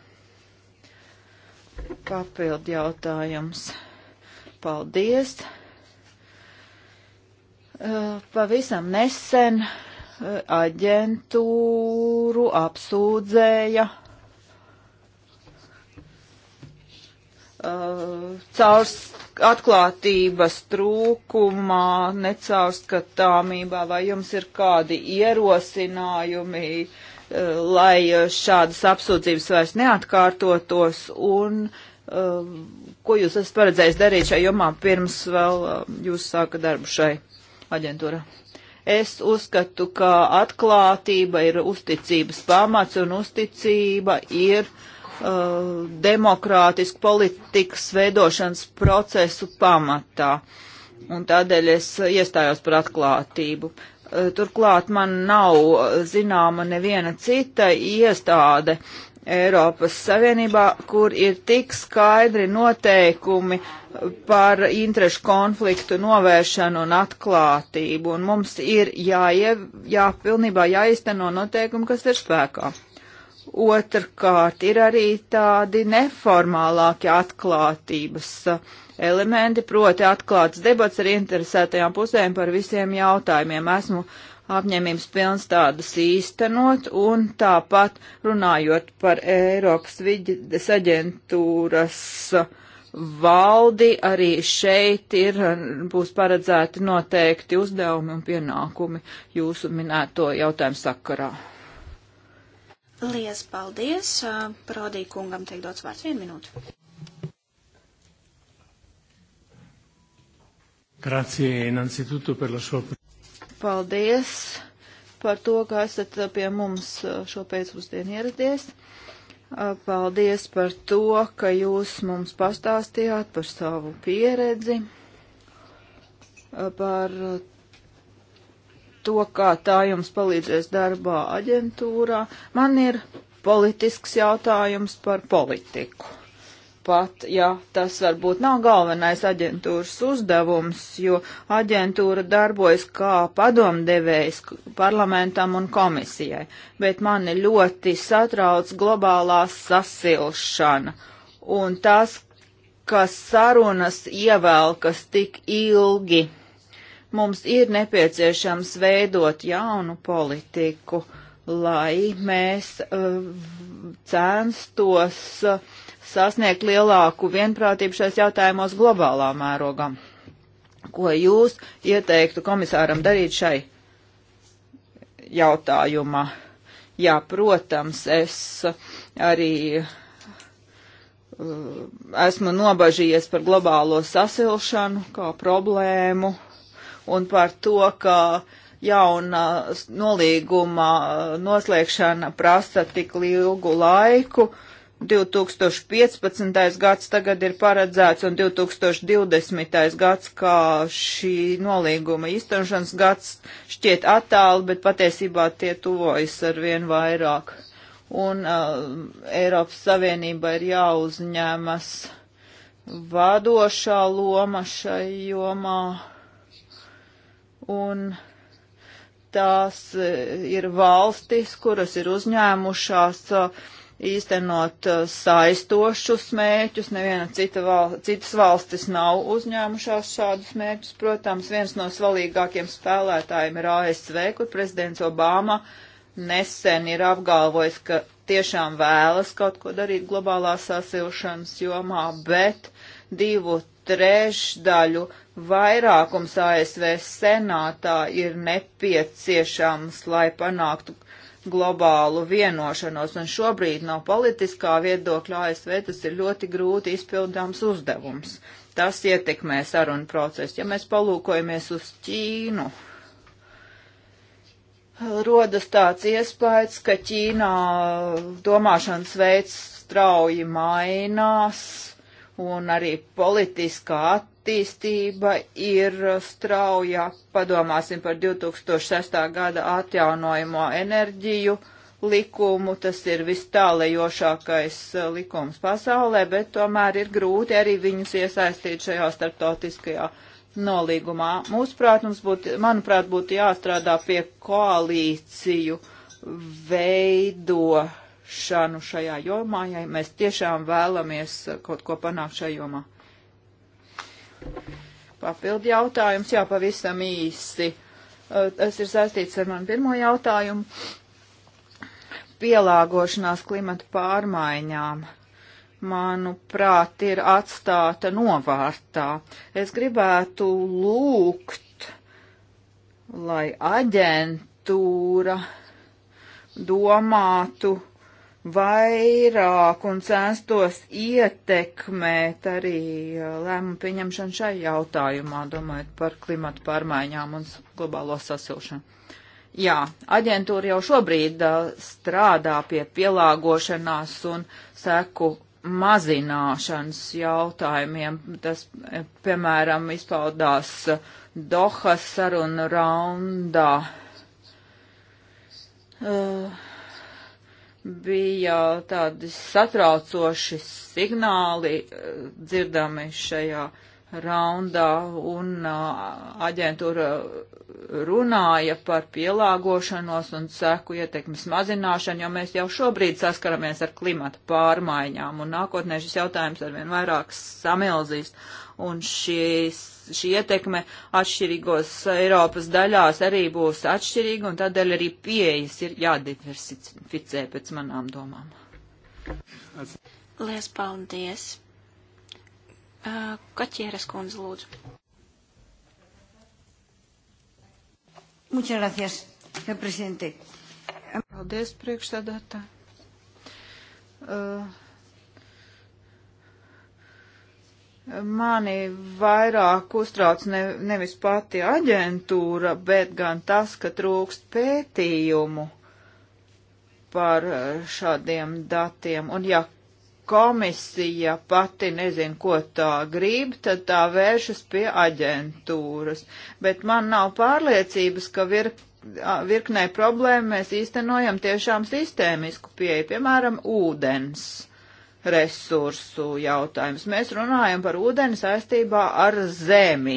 Papildu jautājums. Paldies! Eh, pavisam nesen eh, aģentūru apsūdzēja eh, caur atklātības trūkumā, necaurskatāmībā, vai jums ir kādi ierosinājumi, lai šādas apsūdzības vairs neatkārtotos, un ko jūs esat paredzējis darīt šajā jomā pirms vēl jūs sāka darbu šai aģentūra. Es uzskatu, ka atklātība ir uzticības pamats un uzticība ir uh, demokrātisku politikas veidošanas procesu pamatā. Un tādēļ es iestājos par atklātību. Uh, turklāt man nav uh, zināma neviena cita iestāde, Eiropas Savienībā, kur ir tik skaidri noteikumi par interešu konfliktu novēršanu un atklātību, un mums ir jāie, jā, pilnībā jāizteno noteikumi, kas ir spēkā. Otrkārt, ir arī tādi neformālāki atklātības uh, elementi, proti atklāts debats ar interesētajām pusēm par visiem jautājumiem. Esmu uh, apņēmības pilns tādas īstenot, un tāpat runājot par Eiropas vidas aģentūras valdi, arī šeit ir, būs paredzēti noteikti uzdevumi un pienākumi jūsu minēto jautājumu sakarā. Lielas paldies! Prodī kungam tiek dots vārds vienu minūtu. Grazie innanzitutto per la sua paldies par to, ka esat uh, pie mums uh, šo pēcpusdienu ieradies. Uh, paldies par to, ka jūs mums pastāstījāt par savu pieredzi, par to, kā tā jums palīdzēs darbā aģentūrā. Man ir politisks jautājums par politiku pat ja tas varbūt nav galvenais aģentūras uzdevums, jo aģentūra darbojas kā padomdevējs parlamentam un komisijai, bet mani ļoti satrauc globālā sasilšana un tas, ka sarunas ievelkas tik ilgi. Mums ir nepieciešams veidot jaunu politiku, lai mēs uh, censtos uh, sasniegt lielāku vienprātību šais jautājumos globālā mērogā. Ko jūs ieteiktu komisāram darīt šai jautājumā? Jā, protams, es arī uh, esmu nobažījies par globālo sasilšanu kā problēmu un par to, ka jauna nolīguma uh, noslēgšana prasa tik ilgu laiku. Uh, 2015. gads tagad ir paredzēts un 2020. gads, kā šī nolīguma īstenošanas gads šķiet attāli, bet patiesībā tie tuvojas ar vien vairāk. Un uh, Eiropas Savienība ir jāuzņemas vadošā loma šai jomā. Un tās uh, ir valstis, kuras ir uzņēmušās uh, īstenot uh, saistošus mērķus. Neviena cita val, citas valstis nav uzņēmušās šādus mērķus. Protams, viens no svalīgākiem spēlētājiem ir ASV, kur prezidents Obama nesen ir apgalvojis, ka tiešām vēlas kaut ko darīt globālā sasilšanas jomā, bet divu trešdaļu vairākums ASV senātā ir nepieciešams, lai panāktu uh, globālu vienošanos, un šobrīd no politiskā viedokļa ASV tas ir ļoti grūti izpildāms uzdevums. Tas ietekmē sarunu procesu. Ja mēs palūkojamies uz Ķīnu, rodas tāds iespējas, ka Ķīnā domāšanas veids strauji mainās, un arī politiskā attīstība ir straujāk. Padomāsim par 2006. gada atjaunojamo enerģiju likumu. Tas ir vistālējošākais eh, likums pasaulē, bet tomēr ir grūti arī viņus iesaistīt šajā starptautiskajā nolīgumā. Mūsuprāt, mums būtu, manuprāt, būtu jāstrādā pie koalīciju veidošanas šanu šajā jomā, ja mēs tiešām vēlamies eh, kaut ko panākt šajā jomā. Papildu jautājums, jā, pavisam īsi. Tas ir saistīts ar manu pirmo jautājumu. Pielāgošanās klimata pārmaiņām, manuprāt, ir atstāta novārtā. Es gribētu lūgt, lai aģentūra domātu, vairāk un censtos ietekmēt arī uh, lēmumu pieņemšanu šai jautājumā, domājot par klimatu pārmaiņām un globālo sasilšanu. Jā, aģentūra jau šobrīd uh, strādā pie pielāgošanās un seku mazināšanas jautājumiem. Tas, e, piemēram, izpaudās uh, Dohas sarunu raundā. Uh, bija tādi satraucoši signāli eh, dzirdami šajā raundā, un eh, aģentūra runāja par pielāgošanos un seku ietekmes mazināšanu, jo mēs jau šobrīd saskaramies ar klimata pārmaiņām, un nākotnē šis jautājums arvien vairāk samilzīs un šis, šī ietekme atšķirīgos Eiropas daļās arī būs atšķirīga, un tādēļ arī pieejas ir jādiversificē pēc manām domām. Lies paldies! Kaķieres kundze, lūdzu. Muchas gracias, señor presidente. Paldies, priekšsēdētāji. Uh, Mani vairāk uztrauc ne, nevis pati aģentūra, bet gan tas, ka trūkst pētījumu par eh, šādiem datiem. Un ja komisija pati nezin, ko tā grib, tad tā vēršas pie aģentūras. Bet man nav pārliecības, ka virk, virknē problēmu mēs īstenojam tiešām sistēmisku pieeju, piemēram, ūdens resursu jautājums. Mēs runājam par ūdeni saistībā ar zemi,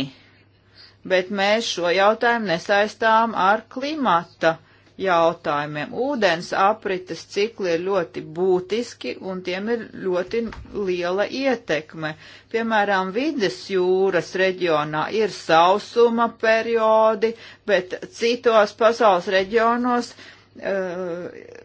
bet mēs šo jautājumu nesaistām ar klimata jautājumiem. Ūdens aprites cikli ir ļoti būtiski un tiem ir ļoti liela ietekme. Piemēram, vides jūras reģionā ir sausuma periodi, bet citos pasaules reģionos uh,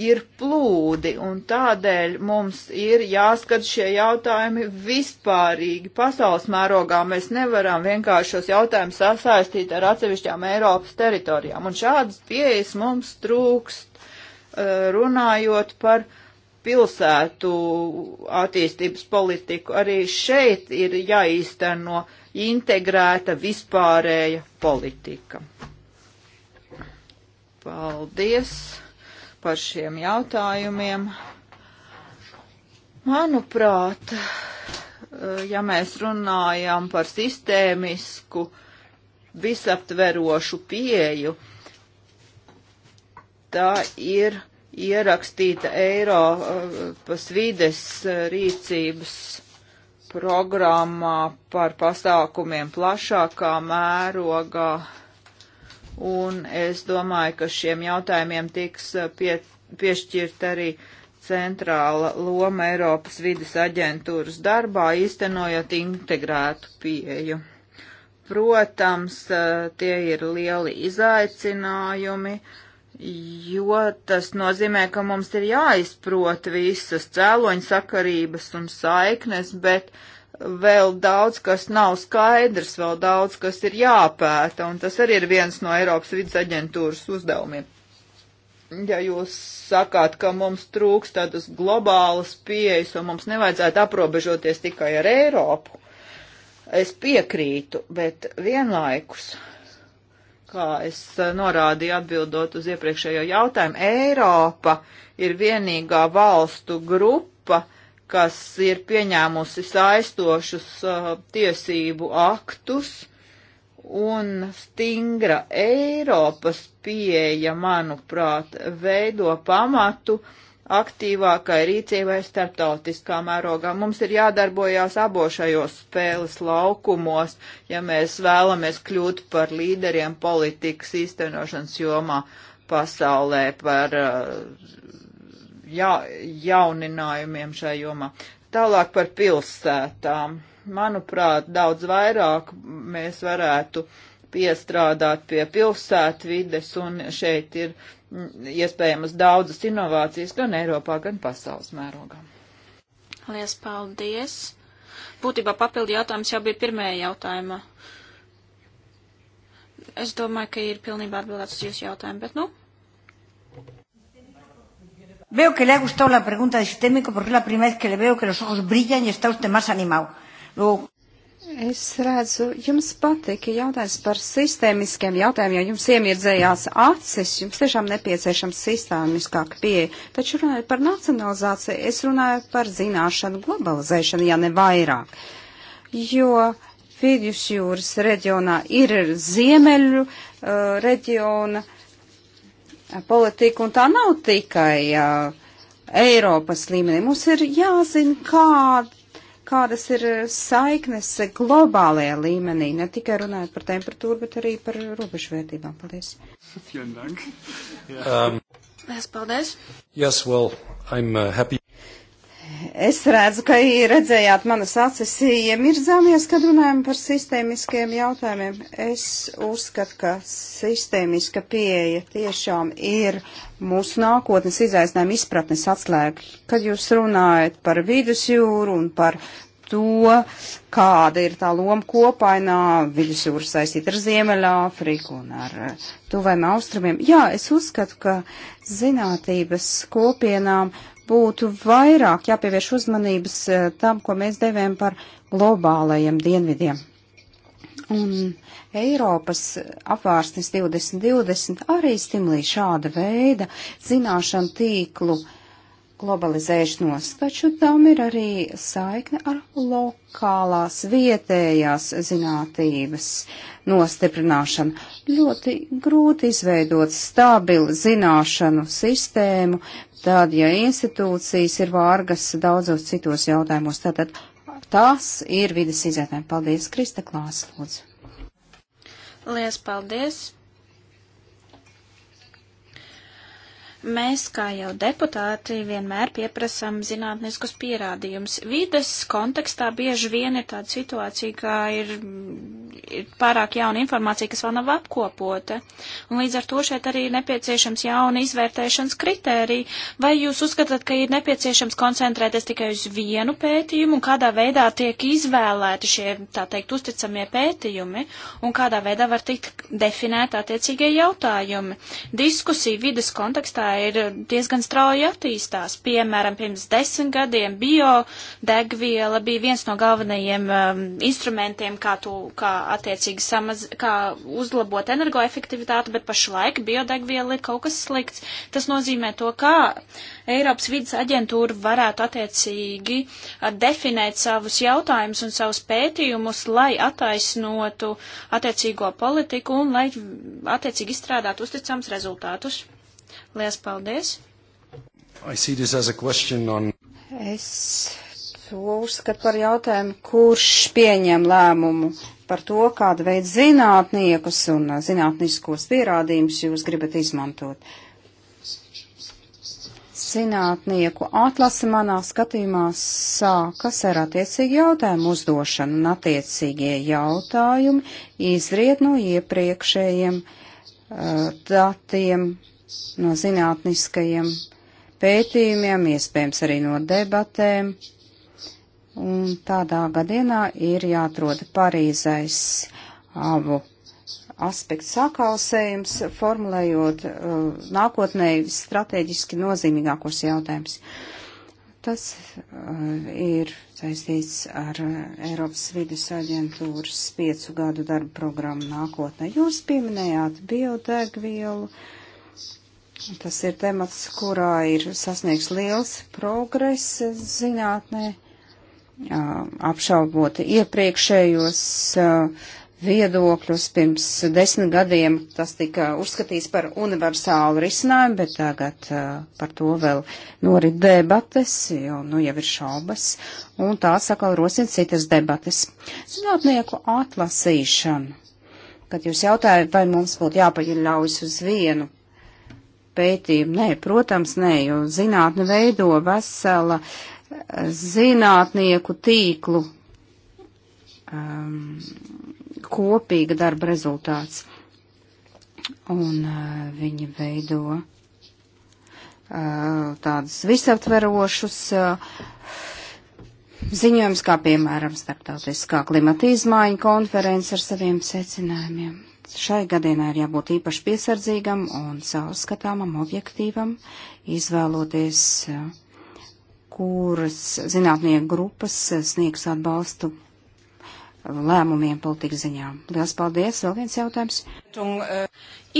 ir plūdi, un tādēļ mums ir jāskat šie jautājumi vispārīgi pasaules mērogā. Mēs nevaram vienkārši šos jautājumus sasaistīt ar atsevišķām Eiropas teritorijām, un šādas pieejas mums trūkst eh, runājot par pilsētu attīstības politiku. Arī šeit ir jāīsteno integrēta vispārēja politika. Paldies! par šiem jautājumiem. Manuprāt, ja mēs runājam par sistēmisku, visaptverošu pieju, tā ir ierakstīta Eiropas vides rīcības programmā par pasākumiem plašākā mērogā un es domāju, ka šiem jautājumiem tiks uh, pie, piešķirt arī centrāla loma Eiropas vidas aģentūras darbā, īstenojot integrētu pieeju. Protams, uh, tie ir lieli izaicinājumi, jo tas nozīmē, ka mums ir jāizprot visas cēloņsakarības un saiknes, bet uh, vēl daudz, kas nav skaidrs, vēl daudz, kas ir jāpēta, un tas arī ir viens no Eiropas vidas aģentūras uzdevumiem. Ja jūs sakāt, ka mums trūks tādas globālas pieejas, un mums nevajadzētu aprobežoties tikai ar Eiropu, es piekrītu, bet vienlaikus, kā es eh, norādīju atbildot uz iepriekšējo jautājumu, Eiropa ir vienīgā valstu grupa, kas ir pieņēmusi saistošus uh, tiesību aktus, un stingra Eiropas pieeja, manuprāt, veido pamatu aktīvākai rīcībai starptautiskā mērogā. Mums ir jādarbojās abošajos spēles laukumos, ja mēs vēlamies kļūt par līderiem politikas īstenošanas jomā pasaulē, par uh, jā, jauninājumiem šai jomā. Tālāk par pilsētām. Manuprāt, daudz vairāk mēs varētu piestrādāt pie pilsētu vides, un šeit ir mm, iespējamas daudzas inovācijas gan Eiropā, gan pasaules mērogā. Lielas paldies! Būtībā papildi jautājums jau bija pirmajā jautājumā. Es domāju, ka ir pilnībā atbildēts uz jūsu jautājumu, bet nu, Veo que le ha gustado la pregunta de sistémico porque es la primera vez que le veo que los ojos brillan y está usted más animado. Lūk. Es redzu, jums patika jautājums par sistēmiskiem jautājumiem, jo jums iemirdzējās acis, jums tiešām nepieciešams sistēmiskāk pieeja. Taču runājot par nacionalizāciju, es runāju par zināšanu globalizēšanu, ja ne vairāk. Jo vidusjūras reģionā ir ziemeļu uh, reģiona. Uh, politika, un tā nav tikai uh, Eiropas līmenī. Mums ir jāzina, kā, kādas ir saiknes globālajā līmenī, ne tikai runājot par temperatūru, bet arī par robežvērtībām. Paldies! Um, yes, paldies! Yes, well, I'm, uh, happy. Es redzu, ka redzējāt manas acis iemirzāmies, kad runājam par sistēmiskiem jautājumiem. Es uzskatu, ka sistēmiska pieeja tiešām ir mūsu nākotnes izaicinājuma izpratnes atslēga. Kad jūs runājat par vidusjūru un par to, kāda ir tā loma kopainā, vidusjūra saistīta ar Ziemeļāfriku un ar eh, tuviem austrumiem. Jā, es uzskatu, ka zinātības kopienām būtu vairāk jāpievērš uzmanības eh, tam, ko mēs devējam par globālajiem dienvidiem. Un Eiropas apvārsnes 2020 arī stimulē šāda veida zināšanu tīklu globalizēšanos, taču tam ir arī saikne ar lokālās vietējās zinātības nostiprināšanu. Ļoti grūti izveidot stabilu zināšanu sistēmu, tad, ja institūcijas ir vārgas daudzos citos jautājumos, tad tās ir vidas izvērtējumi. Paldies, Krista Klāsa, lūdzu. Lies, paldies! Mēs, kā jau deputāti, vienmēr pieprasām zinātniskus pierādījumus. Vides kontekstā bieži vien ir tāda situācija, ka ir, ir pārāk jauna informācija, kas vēl nav apkopota. Un līdz ar to šeit arī ir nepieciešams jauna izvērtēšanas kritērija. Vai jūs uzskatāt, ka ir nepieciešams koncentrēties tikai uz vienu pētījumu un kādā veidā tiek izvēlēti šie, tā teikt, uzticamie pētījumi un kādā veidā var tikt definēt attiecīgie jautājumi? Diskusija vides kontekstā ir diezgan strauji attīstās. Piemēram, pirms desmit gadiem biodegviela bija viens no galvenajiem um, instrumentiem, kā, tu, kā attiecīgi samaz, kā uzlabot energoefektivitāti, bet pašlaik biodegviela ir kaut kas slikts. Tas nozīmē to, kā Eiropas vidas aģentūra varētu attiecīgi uh, definēt savus jautājumus un savus pētījumus, lai attaisnotu attiecīgo politiku un lai mm, attiecīgi izstrādātu uzticams rezultātus. Lielas paldies! On... Es to uzskatu par jautājumu, kurš pieņem lēmumu par to, kādu veidu zinātniekus un zinātniskos pierādījumus jūs gribat izmantot. Zinātnieku atlase manā skatījumā sākas ar attiecīgu jautājumu uzdošanu, un attiecīgie jautājumi izriet no iepriekšējiem uh, datiem, no zinātniskajiem pētījumiem, iespējams arī no debatēm. Un tādā gadienā ir jāatrod Parīzais abu aspektu sakausējums, formulējot uh, nākotnē strateģiski nozīmīgākos jautājumus. Tas uh, ir saistīts ar uh, Eiropas vides aģentūras piecu gadu darba programmu nākotnē. Jūs pieminējāt biodegvielu. Uh, Tas ir temats, kurā ir sasniegts liels progress zinātnē, apšaubot iepriekšējos viedokļus. Pirms desmit gadiem tas tika uzskatīts par universālu risinājumu, bet tagad par to vēl norit debates, jo nu jau ir šaubas, un tā sakal rosina citas debates. Zinātnieku atlasīšana. Kad jūs jautājat, vai mums būtu jāpaļaujas uz vienu pētījumu. Nē, protams, nē, jo zinātne veido vesela eh, zinātnieku tīklu um, kopīga darba rezultāts. Un uh, viņi veido uh, tādus visaptverošus uh, ziņojums, kā piemēram starptautiskā klimata izmaiņa konference ar saviem secinājumiem šai gadienā ir jābūt īpaši piesardzīgam un caurskatāmam, objektīvam, izvēloties, kuras zinātnieku grupas sniegs atbalstu lēmumiem politikas ziņā. Lielas paldies! Vēl viens jautājums.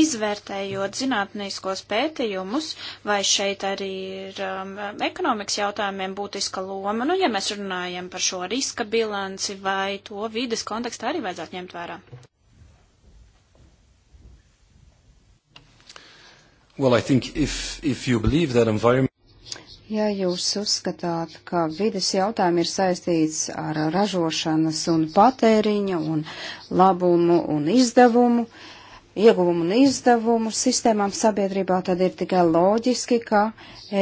Izvērtējot zinātnīskos pētījumus, vai šeit arī ir um, ekonomikas jautājumiem būtiska loma, nu, ja mēs runājam par šo riska bilanci, vai to vides kontekstā arī vajadzētu ņemt vērā? Well, I think if, if you believe that environment... Ja jūs uzskatāt, ka vides jautājumi ir saistīts ar ražošanas un patēriņa un labumu un izdevumu, ieguvumu un izdevumu sistēmām sabiedrībā, tad ir tikai loģiski, ka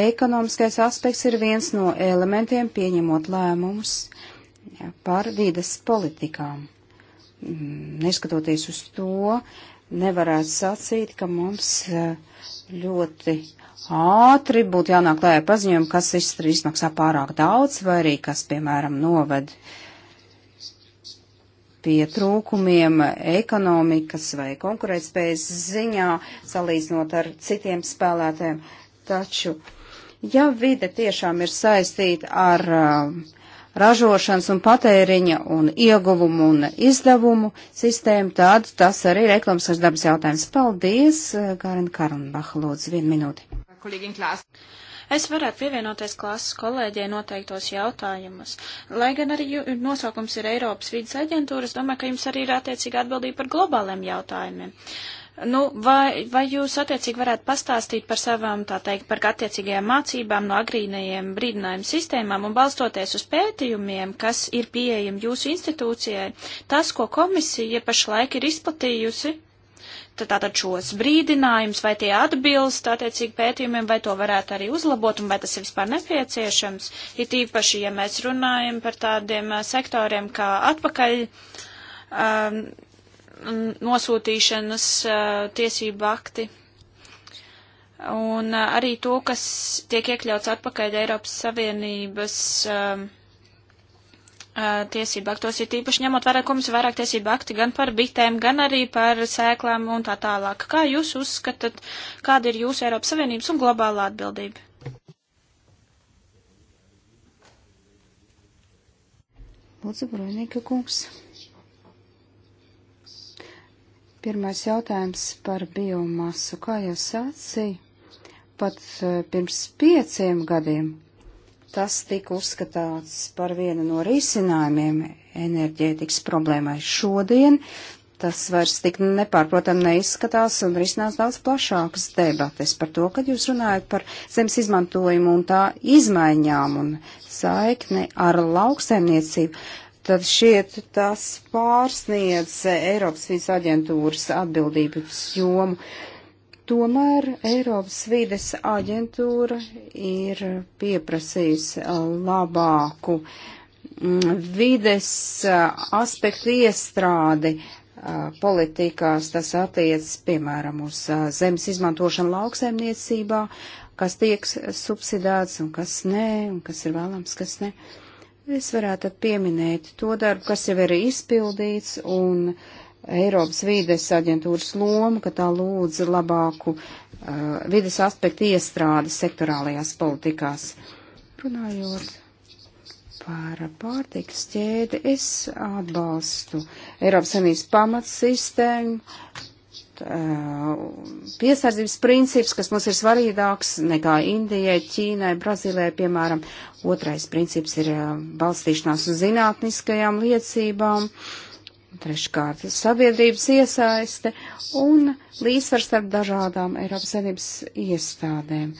ekonomiskais aspekts ir viens no elementiem pieņemot lēmumus par vides politikām. Mm, neskatoties uz to, nevarētu sacīt, ka mums eh, ļoti ātri būtu jānāk lējā paziņojumu, kas izmaksā pārāk daudz vai arī kas, piemēram, noved pie trūkumiem ekonomikas vai konkurētspējas ziņā, salīdzinot ar citiem spēlētēm. Taču, ja vide tiešām ir saistīta ar uh, ražošanas un patēriņa un ieguvumu un izdevumu sistēmu, tad tas arī ir ekonomiskās dabas jautājums. Paldies, eh, Garen Karunbacha, lūdzu, vienu minūti. Kolēģi, Es varētu pievienoties klases kolēģei noteiktos jautājumus. Lai gan arī nosaukums ir Eiropas vīdes aģentūras, domāju, ka jums arī ir attiecīga atbildība par globāliem jautājumiem. Uh, Nu, vai, vai jūs attiecīgi varētu pastāstīt par savām, tā teikt, par attiecīgajām mācībām no agrīnajiem brīdinājumu sistēmām un balstoties uz pētījumiem, kas ir pieejami jūsu institūcijai, tas, ko komisija pašlaik ir izplatījusi, tātad šos brīdinājumus, vai tie atbilst attiecīgi pētījumiem, vai to varētu arī uzlabot un vai tas ir vispār nepieciešams, it īpaši, ja mēs runājam par tādiem eh, sektoriem kā atpakaļ. Um, nosūtīšanas eh, tiesību akti. Un eh, arī to, kas tiek iekļauts atpakaļ Eiropas Savienības um, tiesību aktos, ir tīpaši ņemot vērā, ko mums ir vairāk tiesību akti gan par bitēm, gan arī par sēklām un tā tālāk. Kā jūs uzskatat, kāda ir jūsu Eiropas Savienības un globālā atbildība? Lūdzu, Brunīka kungs. Pirmais jautājums par biomasu. Kā jau sacīja, pat e, pirms pieciem gadiem tas tika uzskatāts par vienu no risinājumiem enerģētikas problēmai. Šodien tas vairs tik nepārprotam neizskatās un risinās daudz plašākas debates par to, kad jūs runājat par zemes izmantojumu un tā izmaiņām un saikni ar lauksaimniecību tad šiet tas pārsniedz Eiropas vidas aģentūras atbildības jomu. Tomēr Eiropas vides aģentūra ir pieprasījusi labāku mm, vides aspektu iestrādi politikās. Tas attiec, piemēram, uz zemes izmantošanu lauksaimniecībā, kas tiek subsidēts un kas nē, un kas ir vēlams, kas nē. Uh, Es varētu pieminēt to darbu, kas jau ir izpildīts, un Eiropas vīdes aģentūras loma, ka tā lūdza labāku uh, vides aspektu iestrādi sektorālajās politikās. Runājot par pārtikas ķēdi, es atbalstu Eiropas Savienības pamatsistēmu, uh, piesardzības princips, kas mums ir svarīgāks nekā Indijai, Ķīnai, Brazīlijai, piemēram. Otrais princips ir uh, balstīšanās uz zinātniskajām liecībām. Treškārt, sabiedrības iesaiste un līdzsvars starp dažādām Eiropas Savienības iestādēm.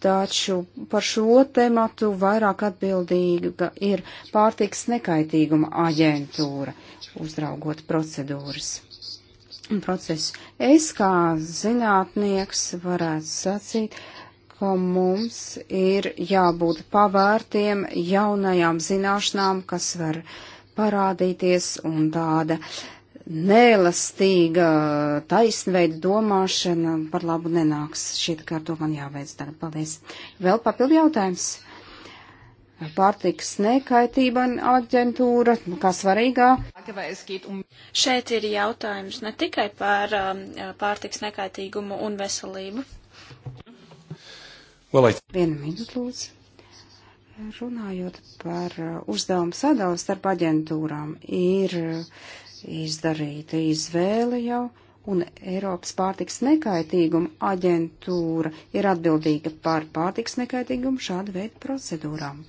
Taču par šo tematu vairāk atbildīga ir pārtiks nekaitīguma aģentūra, uzraugot procedūras procesu. Es kā zinātnieks varētu sacīt, ka mums ir jābūt pavērtiem jaunajām zināšanām, kas var parādīties un tāda nēlastīga taisnveida domāšana par labu nenāks. Šī kā ar to man jāveic tagad. Paldies. Vēl papildu jautājums pārtiks nekaitība aģentūra, kā svarīgā. Šeit ir jautājums ne tikai par um, pārtiks nekaitīgumu un veselību. Well, I... Vienu minūtu lūdzu. Runājot par uh, uzdevumu sadalu starp aģentūrām, ir uh, izdarīta izvēle jau, un Eiropas pārtiks nekaitīguma aģentūra ir atbildīga par pārtiks nekaitīgumu šāda veida procedūrām.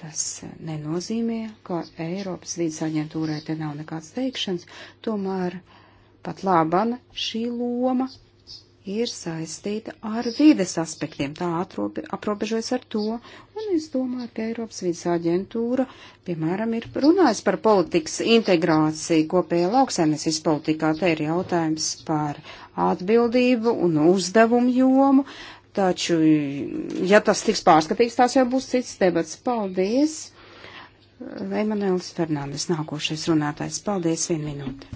Tas nenozīmē, ka Eiropas vīdes aģentūrai te nav nekāds teikšanas, tomēr pat labana šī loma ir saistīta ar vīdes aspektiem. Tā atrobe, aprobežojas ar to, un es domāju, ka Eiropas vīdes aģentūra, piemēram, ir runājis par politikas integrāciju kopējā lauksaimniecības politikā. Te ir jautājums par atbildību un uzdevumu jomu. Uh, Taču, ja tas tiks pārskatīts, tās jau būs cits debats. Paldies! Leimanēlis Fernandes, nākošais runātājs. Paldies, vienu minūti.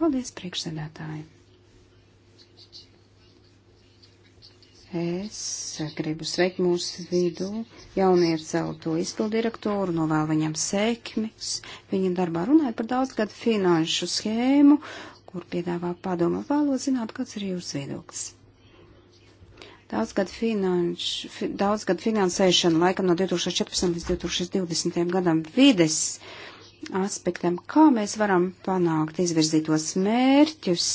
Paldies, priekšsēdētāji. Es gribu sveikt mūsu vidū jauniecelto izpildirektoru, novēlu viņam sekmes. Viņa darbā runāja par daudzgadu finanšu schēmu, kur piedāvā padomu. Vēlos zināt, kāds ir jūsu viedoklis. Daudzgad, finanš, fi, daudzgad finansēšana laikam no 2014 līdz 2020 gadam vides aspektam, kā mēs varam panākt izvirzītos mērķus,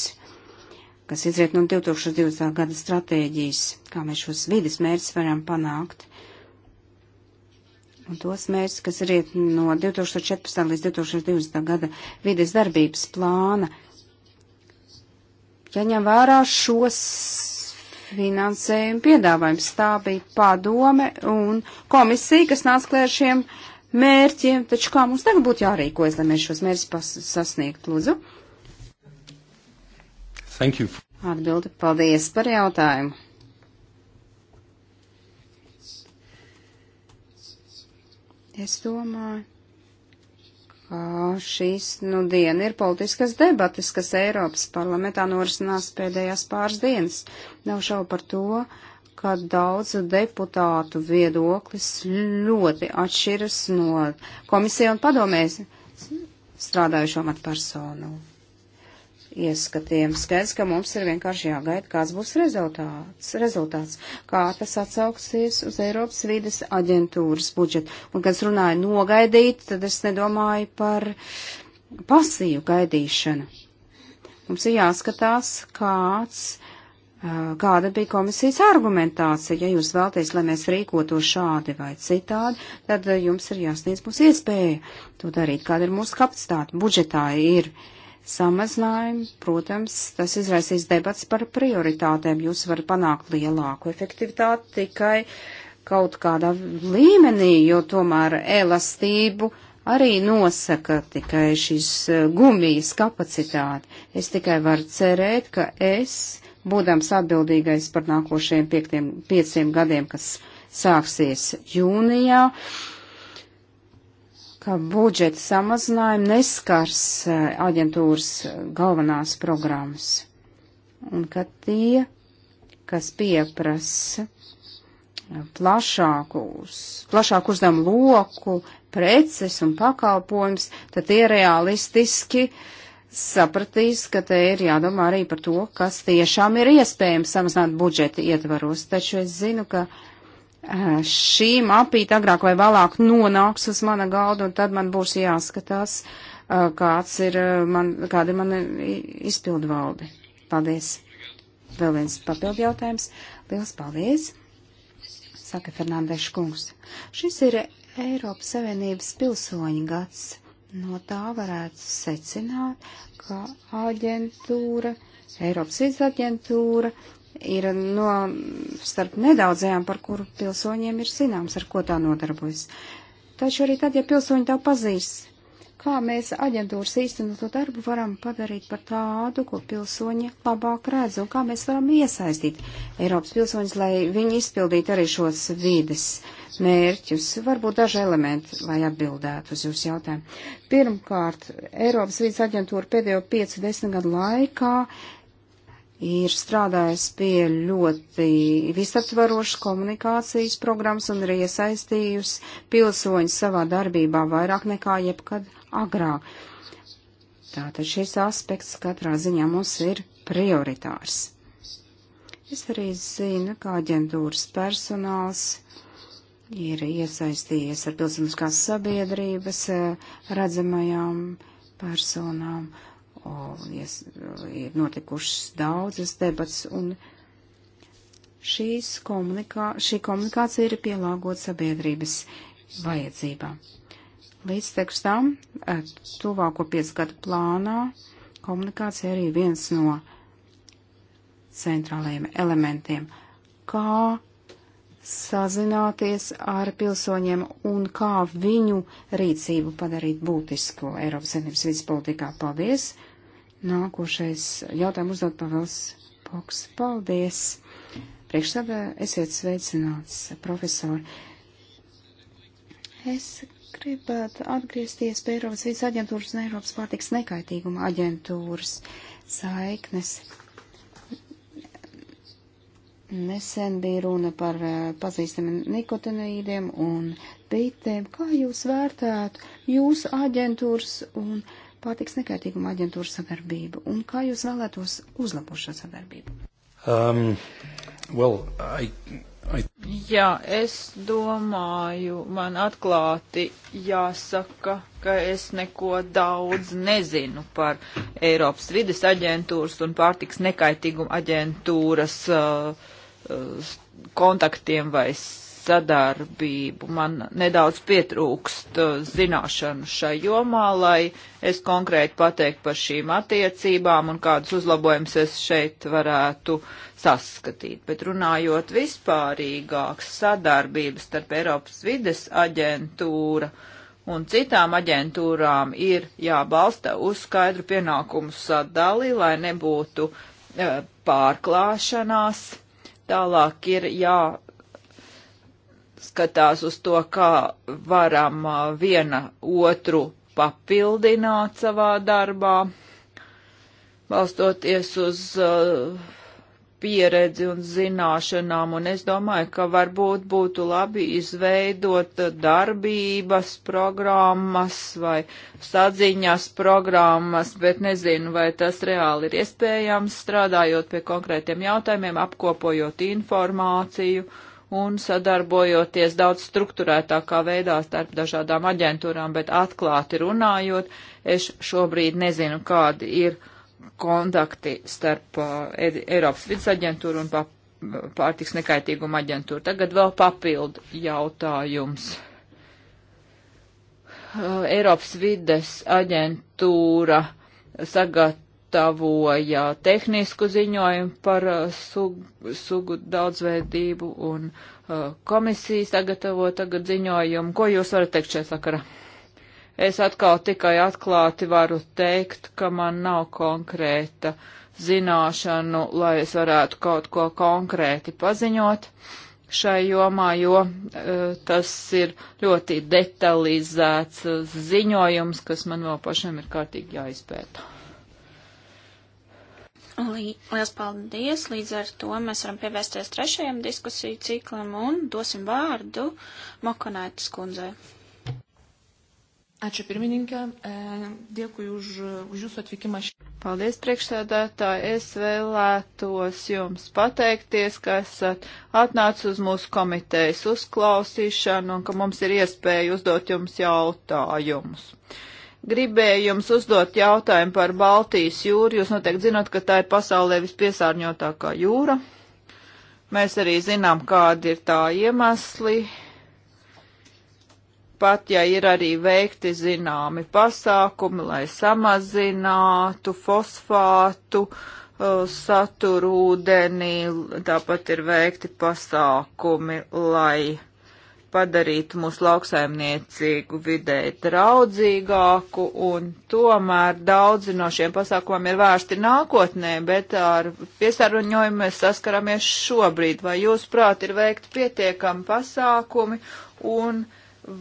kas izriet no 2020. gada stratēģijas, kā mēs šos vides mērķus varam panākt. Un tos mērķus, kas riet no 2014 līdz 2020 gada vides darbības plāna, ja ņem vērā šos finansējuma piedāvājums. Tā bija padome un komisija, kas nāca klēr šiem mērķiem. Taču kā mums tagad būtu jārīkojas, lai mēs šos mērķus sasniegtu, lūdzu? Thank you. Atbildi. Paldies par jautājumu. Es domāju ka šīs nu diena ir politiskas debatas, kas Eiropas parlamentā norisinās pēdējās pāris dienas. Nav šau par to, ka daudzu deputātu viedoklis ļoti atšķiras no komisija un padomēs strādājušo matpersonu ieskatiem. Skaidrs, ka mums ir vienkārši jāgaida, kāds būs rezultāts, rezultāts, kā tas atsauksies uz Eiropas vides aģentūras budžetu. Un, kad es runāju nogaidīt, tad es nedomāju par pasīvu gaidīšanu. Mums ir jāskatās, kāds, kāda bija komisijas argumentācija. Ja jūs vēlties, lai mēs rīkoto šādi vai citādi, tad jums ir jāsniedz mums iespēja to darīt, kāda ir mūsu kapacitāte. Budžetā ir. Uh, samazinājumi, protams, tas izraisīs debats par prioritātēm. Jūs varat panākt lielāku efektivitāti tikai kaut kādā līmenī, jo tomēr elastību arī nosaka tikai šīs eh, gumijas kapacitāti. Es tikai varu cerēt, ka es, būdams atbildīgais par nākošajiem piektiem, pieciem gadiem, kas sāksies jūnijā, uh, ka budžeta samazinājumi neskars e, aģentūras e, galvenās programmas un ka tie, kas pieprasa e, plašāku, plašāku uzdevumu loku, preces un pakalpojums, tad tie realistiski sapratīs, ka te ir jādomā arī par to, kas tiešām ir iespējams samazināt budžeta ietvaros. Taču es zinu, ka uh, šī mapīte agrāk vai vēlāk nonāks uz mana galda, un tad man būs jāskatās, kāds ir man, kāda ir mana izpildu valde. Paldies. Vēl viens papildu jautājums. Liels paldies, saka Fernandeša kungs. Šis ir Eiropas Savienības pilsoņu gads. No tā varētu secināt, ka aģentūra, Eiropas vidaģentūra ir no starp nedaudzajām, par kuru pilsoņiem ir zināms, ar ko tā nodarbojas. Taču arī tad, ja pilsoņi tā pazīst, kā mēs aģentūras īstenoto darbu varam padarīt par tādu, ko pilsoņi labāk redz, un kā mēs varam iesaistīt Eiropas pilsoņus, lai viņi izpildītu arī šos vides mērķus, varbūt daži elementi, lai atbildētu uz jūsu jautājumu. Pirmkārt, Eiropas vides aģentūra pēdējo 5-10 gadu laikā ir strādājis pie ļoti visaptvarošas komunikācijas programmas un ir iesaistījis pilsoņus savā darbībā vairāk nekā jebkad agrāk. Tātad šis aspekts katrā ziņā mums ir prioritārs. Es arī zinu, kā aģentūras personāls ir iesaistījies ar pilsoniskās sabiedrības eh, redzamajām personām Ies, ir notikušas daudzas debats, un komunikā, šī komunikācija ir pielāgota sabiedrības vajadzībām. Līdz tekstām, e, tuvāko piecgadu plānā, komunikācija arī viens no centrālajiem elementiem, kā sazināties ar pilsoņiem un kā viņu rīcību padarīt būtisko Eiropas Savienības viduspolitikā. Paldies! Nākošais jautājums uzdot Pavels Poks. Paldies! Priekšsādā esiet sveicināts, profesori. Es gribētu atgriezties pie Eiropas vidas aģentūras un Eiropas pārtiks nekaitīguma aģentūras saiknes. Nesen bija runa par eh, pazīstamiem nikotinoīdiem un bitēm. Kā jūs vērtētu jūsu aģentūras un pārtiks nekaitīguma aģentūra sadarbību un kā jūs vēlētos uzlabot šo sadarbību? Um, well, I, I... Jā, es domāju, man atklāti jāsaka, ka es neko daudz nezinu par Eiropas vides aģentūras un pārtiks nekaitīguma aģentūras uh, uh kontaktiem vai sadarbību. Man nedaudz pietrūkst uh, zināšanu šai jomā, lai es konkrēti pateiktu par šīm attiecībām un kādus uzlabojumus es šeit varētu saskatīt. Bet runājot vispārīgāk, sadarbības starp Eiropas vides aģentūra un citām aģentūrām ir jābalsta uz skaidru pienākumu sadali, lai nebūtu e, pārklāšanās. Tālāk ir jā skatās uz to, kā varam viena otru papildināt savā darbā, balstoties uz uh, pieredzi un zināšanām, un es domāju, ka varbūt būtu labi izveidot darbības programmas vai saziņas programmas, bet nezinu, vai tas reāli ir iespējams, strādājot pie konkrētiem jautājumiem, apkopojot informāciju. Uh, un sadarbojoties daudz struktūrētākā veidā starp dažādām aģentūrām, bet atklāti runājot, es šobrīd nezinu, kādi ir kontakti starp uh, Eiropas vidas aģentūru un pārtiks nekaitīguma aģentūru. Tagad vēl papildu jautājums. Uh, Eiropas vides aģentūra sagat gatavoja tehnisku ziņojumu par uh, sugu, sugu daudzveidību un uh, komisijas sagatavo tagad ziņojumu. Ko jūs varat teikt šajā sakarā? Es atkal tikai atklāti varu teikt, ka man nav konkrēta zināšanu, lai es varētu kaut ko konkrēti paziņot šai jomā, jo uh, tas ir ļoti detalizēts ziņojums, kas man vēl pašam ir kārtīgi jāizpēta. Lielas paldies! Līdz ar to mēs varam pievērsties trešajam diskusiju ciklam un dosim vārdu Mokonaitis kundzei. Ačiū pirmininkė, e, dėkui už, už jūsų atvykimą. Paldies priekšsēdētāji, es vēlētos jums pateikties, ka esat atnācis uz mūsu komitejas uzklausīšanu un ka mums ir iespēja uzdot jums jautājumus. Uh, Gribēju jums uzdot jautājumu par Baltijas jūru. Jūs noteikti zināt, ka tā ir pasaulē vispiesārņotākā jūra. Mēs arī zinām, kādi ir tā iemesli. Pat ja ir arī veikti zināmi pasākumi, lai samazinātu fosfātu uh, saturu ūdenī, tāpat ir veikti pasākumi, lai padarīt mūsu lauksaimniecīgu videi draudzīgāku, un tomēr daudzi no šiem pasākumiem ir vērsti nākotnē, bet ar piesārņojumu mēs saskaramies šobrīd. Vai jūs prāt ir veikt pietiekami pasākumi, un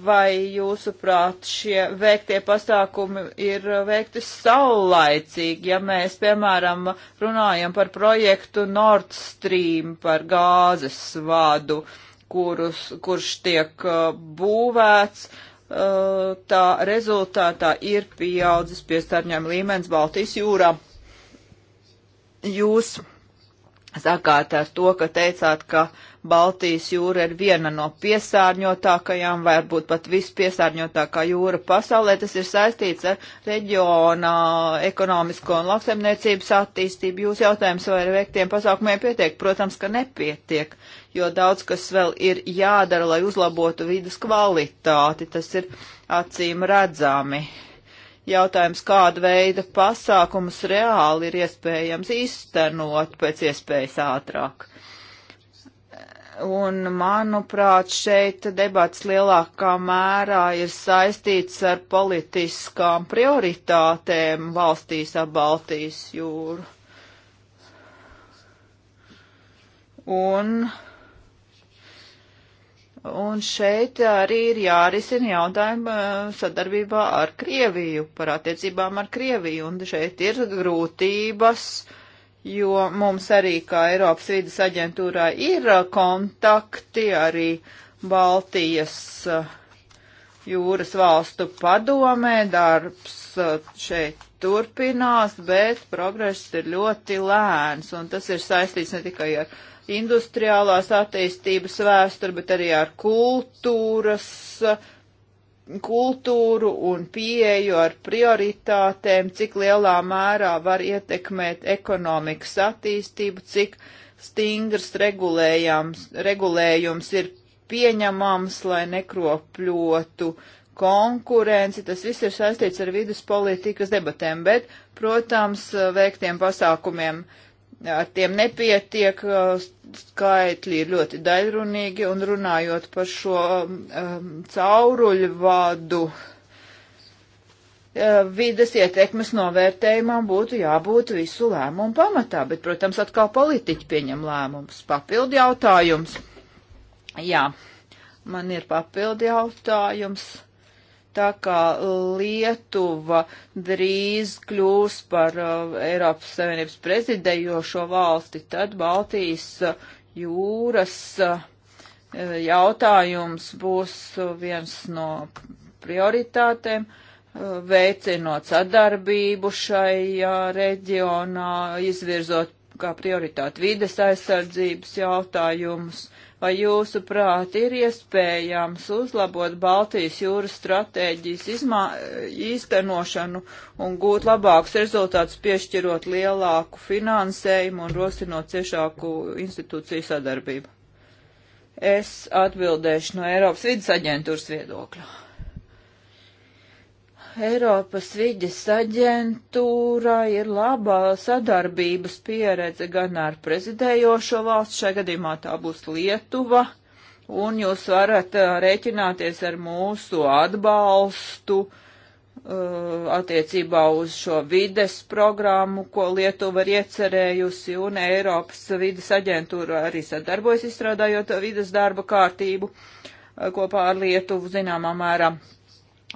vai jūsuprāt šie veiktie pasākumi ir veikti saulaicīgi, ja mēs, piemēram, runājam par projektu Nord Stream, par gāzes vādu? Uh, kurus, kurš tiek uh, būvēts, uh, tā rezultātā ir pieaudzis piesārņojuma līmenis Baltijas jūrā. Jūs sakāt ar to, ka teicāt, ka Baltijas jūra ir viena no piesārņotākajām, varbūt pat vispiesārņotākā jūra pasaulē. Tas ir saistīts ar reģiona ekonomisko un lauksaimniecības attīstību. Jūs jautājums, vai ar veiktiem pasākumiem pietiek? Protams, ka nepietiek jo daudz kas vēl ir jādara, lai uzlabotu vidas kvalitāti. Tas ir acīm redzami. Jautājums, kāda veida pasākumus reāli ir iespējams iztenot pēc iespējas ātrāk. Un, manuprāt, šeit debats lielākā mērā ir saistīts ar politiskām prioritātēm valstīs ap Baltijas jūru. Un Un šeit arī ir jārisina jautājumi eh, sadarbībā ar Krieviju, par attiecībām ar Krieviju. Un šeit ir grūtības, jo mums arī, kā Eiropas vidas aģentūrā, ir eh, kontakti arī Baltijas eh, jūras valstu padomē. Darbs šeit turpinās, bet progress ir ļoti lēns. Un tas ir saistīts ne tikai ar industriālās attīstības vēsturi, bet arī ar kultūras, kultūru un pieeju ar prioritātēm, cik lielā mērā var ietekmēt ekonomikas attīstību, cik stingrs regulējums, regulējums ir pieņemams, lai nekropļotu konkurenci, tas viss ir saistīts ar vidus politikas debatēm, bet, protams, veiktiem pasākumiem uh, ar tiem nepietiek, uh, skaitļi ir ļoti daļrunīgi, un runājot par šo um, um cauruļu vādu, uh, vides ietekmes novērtējumam būtu jābūt visu lēmumu pamatā, bet, protams, atkal politiķi pieņem lēmumus. Papildi jautājums. Jā, man ir papildi jautājums tā kā Lietuva drīz kļūs par uh, Eiropas Savienības prezidējošo valsti, tad Baltijas uh, jūras uh, jautājums būs uh, viens no prioritātēm, uh, veicinot sadarbību šajā uh, reģionā, izvirzot kā prioritāti vides aizsardzības jautājumus. Uh, Vai jūsu prāti ir iespējams uzlabot Baltijas jūras stratēģijas izmā, īstenošanu un gūt labākus rezultātus, piešķirot lielāku finansējumu un rosinot ciešāku institūciju sadarbību? Es atbildēšu no Eiropas vidas aģentūras viedokļa. Eiropas vides aģentūra ir labā sadarbības pieredze gan ar prezidējošo valsts, šajā gadījumā tā būs Lietuva, un jūs varat uh, rēķināties ar mūsu atbalstu uh, attiecībā uz šo vides programmu, ko Lietuva ir iecerējusi, un Eiropas vides aģentūra arī sadarbojas izstrādājot vides darba kārtību uh, kopā ar Lietuvu zināmā mērā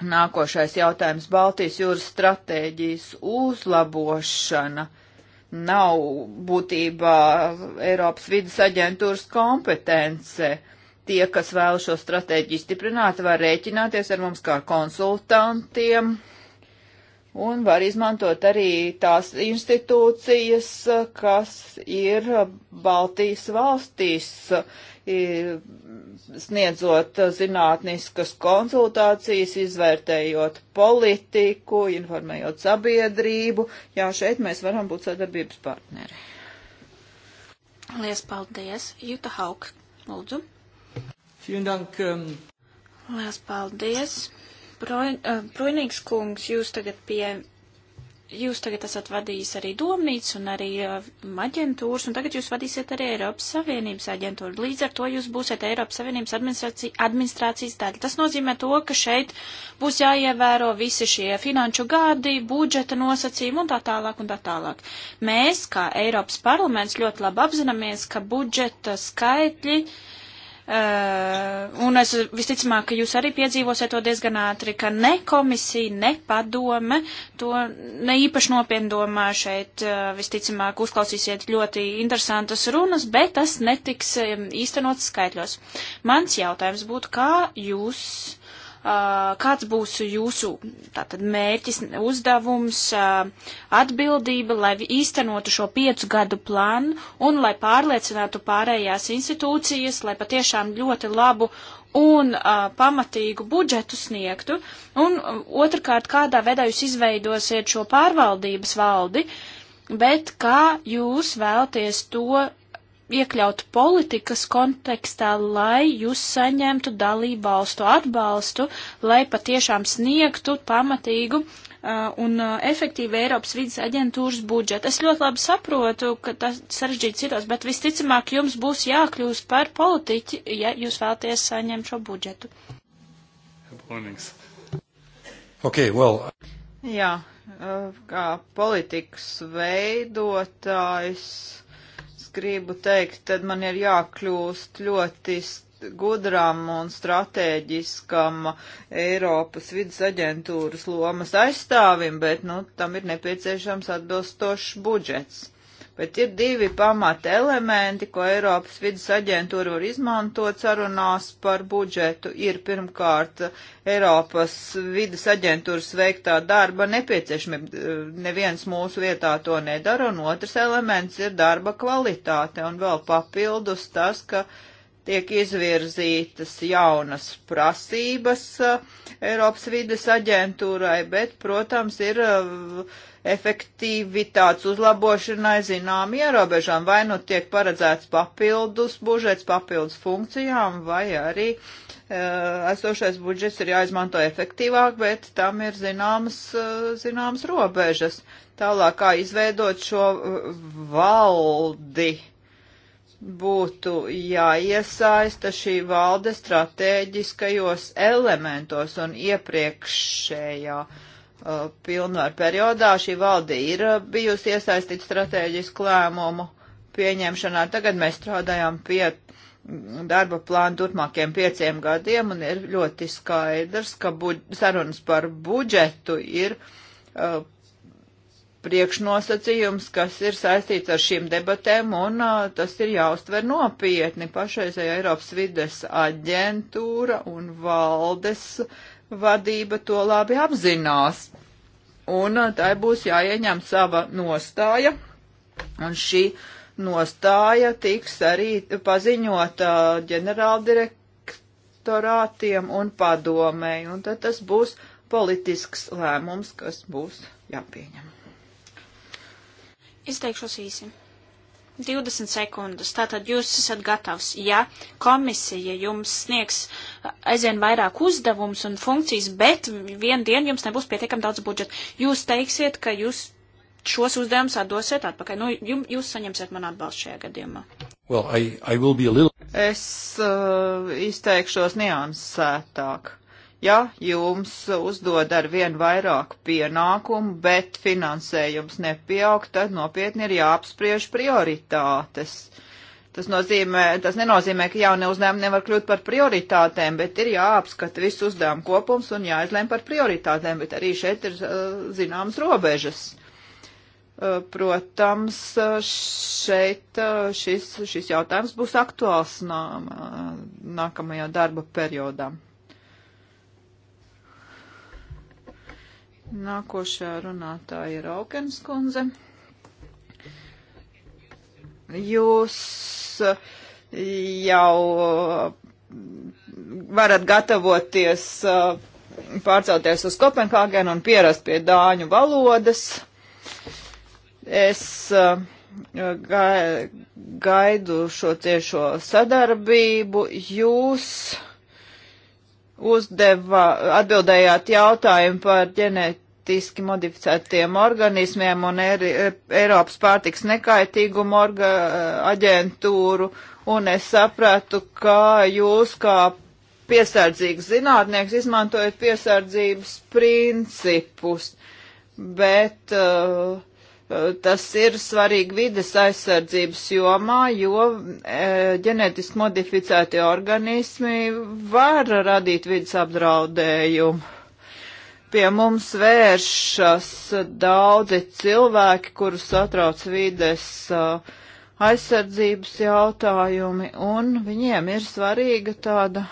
Nākošais jautājums - Baltijas jūras stratēģijas uzlabošana nav būtībā Eiropas vidas aģentūras kompetence. Tie, kas vēl šo stratēģiju stiprināt, var rēķināties ar mums kā konsultantiem un var izmantot arī tās institūcijas, kas ir Baltijas valstīs. Uh, sniedzot zinātniskas konsultācijas, izvērtējot politiku, informējot sabiedrību. Jā, šeit mēs varam būt sadarbības partneri. Lies paldies, Juta Hauk, lūdzu. Vielen Dank. Um... Lies paldies. Äh, Bruinīgs kungs, jūs tagad pie, jūs tagad esat vadījis arī domnīcu un arī uh, aģentūras, un tagad jūs vadīsiet arī Eiropas Savienības aģentūru. Līdz ar to jūs būsiet Eiropas Savienības administrāci administrācijas daļa. Tas nozīmē to, ka šeit būs jāievēro visi šie finanšu gadi, budžeta nosacījumi un tā tālāk un tā tālāk. Mēs, kā Eiropas parlaments, ļoti labi apzināmies, ka budžeta skaitļi uh, Uh, un es visticamāk, ka jūs arī piedzīvosiet to diezgan ātri, ka ne komisija, ne padome to ne īpaši nopietni domā šeit. Uh, visticamāk, uzklausīsiet ļoti interesantas runas, bet tas netiks um, īstenots skaitļos. Mans jautājums būtu, kā jūs Uh, kāds būs jūsu tātad mērķis, uzdevums, uh, atbildība, lai īstenotu šo piecu gadu plānu un lai pārliecinātu pārējās institūcijas, lai patiešām ļoti labu un uh, pamatīgu budžetu sniegtu, un uh, otrkārt, kādā veidā jūs izveidosiet šo pārvaldības valdi, bet kā jūs vēlties to iekļaut politikas kontekstā, lai jūs saņemtu dalību valstu atbalstu, lai patiešām sniegtu pamatīgu uh, un uh, efektīvu Eiropas vidas aģentūras budžetu. Es ļoti labi saprotu, ka tas sarežģīts citos, bet visticamāk jums būs jākļūst par politiķi, ja jūs vēlaties saņemt šo budžetu. Okay, well. Jā, uh, kā politikas veidotājs gribu teikt, tad man ir jākļūst ļoti gudram un strateģiskam Eiropas vidas aģentūras lomas aizstāvim, bet, nu, tam ir nepieciešams atbilstošs budžets. Bet ir divi pamata elementi, ko Eiropas vidas aģentūra var izmantot sarunās par budžetu. Ir pirmkārt Eiropas vidas aģentūras veiktā darba nepieciešamība. Neviens mūsu vietā to nedara. Un otrs elements ir darba kvalitāte. Un vēl papildus tas, ka tiek izvirzītas jaunas prasības uh, Eiropas vides aģentūrai, bet, protams, ir uh, efektivitātes uzlabošanai zinām ierobežām. Vai nu tiek paredzēts papildus budžets, papildus funkcijām, vai arī uh, esošais budžets ir jāizmanto efektīvāk, bet tam ir zināmas, uh, zināmas robežas. Tālāk, kā izveidot šo eh, valdi būtu jāiesaista šī valde strateģiskajos elementos un iepriekšējā uh, Uh, pilnvaru periodā šī valde ir uh, bijusi iesaistīta strateģisku lēmumu pieņemšanā. Tagad mēs strādājam pie darba plānu turpmākiem pieciem gadiem un ir ļoti skaidrs, ka sarunas par budžetu ir uh, priekšnosacījums, kas ir saistīts ar šīm debatēm, un uh, tas ir jāuztver nopietni. Pašreizēja Eiropas vides aģentūra un valdes uh, vadība to labi apzinās. Un uh, tai būs jāieņem sava nostāja, un šī nostāja tiks arī paziņota uh, ģenerāldirektorātiem un padomēji, un tad tas būs politisks lēmums, kas būs jāpieņem. Izteikšos īsi. 20 sekundes. Tātad jūs esat gatavs, ja komisija jums sniegs aizvien vairāk uzdevums un funkcijas, bet vien dienu jums nebūs pietiekam daudz budžeta. Jūs teiksiet, ka jūs šos uzdevumus atdosiet atpakaļ. Nu, jums, jūs saņemsiet man atbalstu šajā gadījumā. Well, I, I little... Es uh, izteikšos niansētāk. Ja jums uzdod ar vien vairāk pienākumu, bet finansējums nepieaug, tad nopietni ir jāapspriež prioritātes. Tas, nozīmē, tas nenozīmē, ka jaunie uzņēmumi nevar kļūt par prioritātēm, bet ir jāapskata viss uzdevuma kopums un jāizlem par prioritātēm, bet arī šeit ir uh, zināmas robežas. Uh, protams, uh, šeit šis, šis jautājums būs aktuāls nā, nākamajā darba periodā. Nākošā runātāja ir Aukens kundze. Jūs uh, jau uh, varat gatavoties uh, pārcelties uz Kopenhāgenu un pierast pie dāņu valodas. Es gaidu šo tiešo sadarbību. Jūs uzdeva, atbildējāt jautājumu par ģenētiski modificētiem organismiem un Eri, Eiropas pārtiks nekaitīgumu orga, aģentūru, un es sapratu, ka jūs kā piesardzīgs zinātnieks izmantojat piesardzības principus, bet uh, Tas ir svarīgi vides aizsardzības jomā, jo e, ģenētiski modificēti organismi var radīt vides apdraudējumu. Pie mums vēršas daudzi cilvēki, kurus satrauc vides e, aizsardzības jautājumi, un viņiem ir svarīga tāda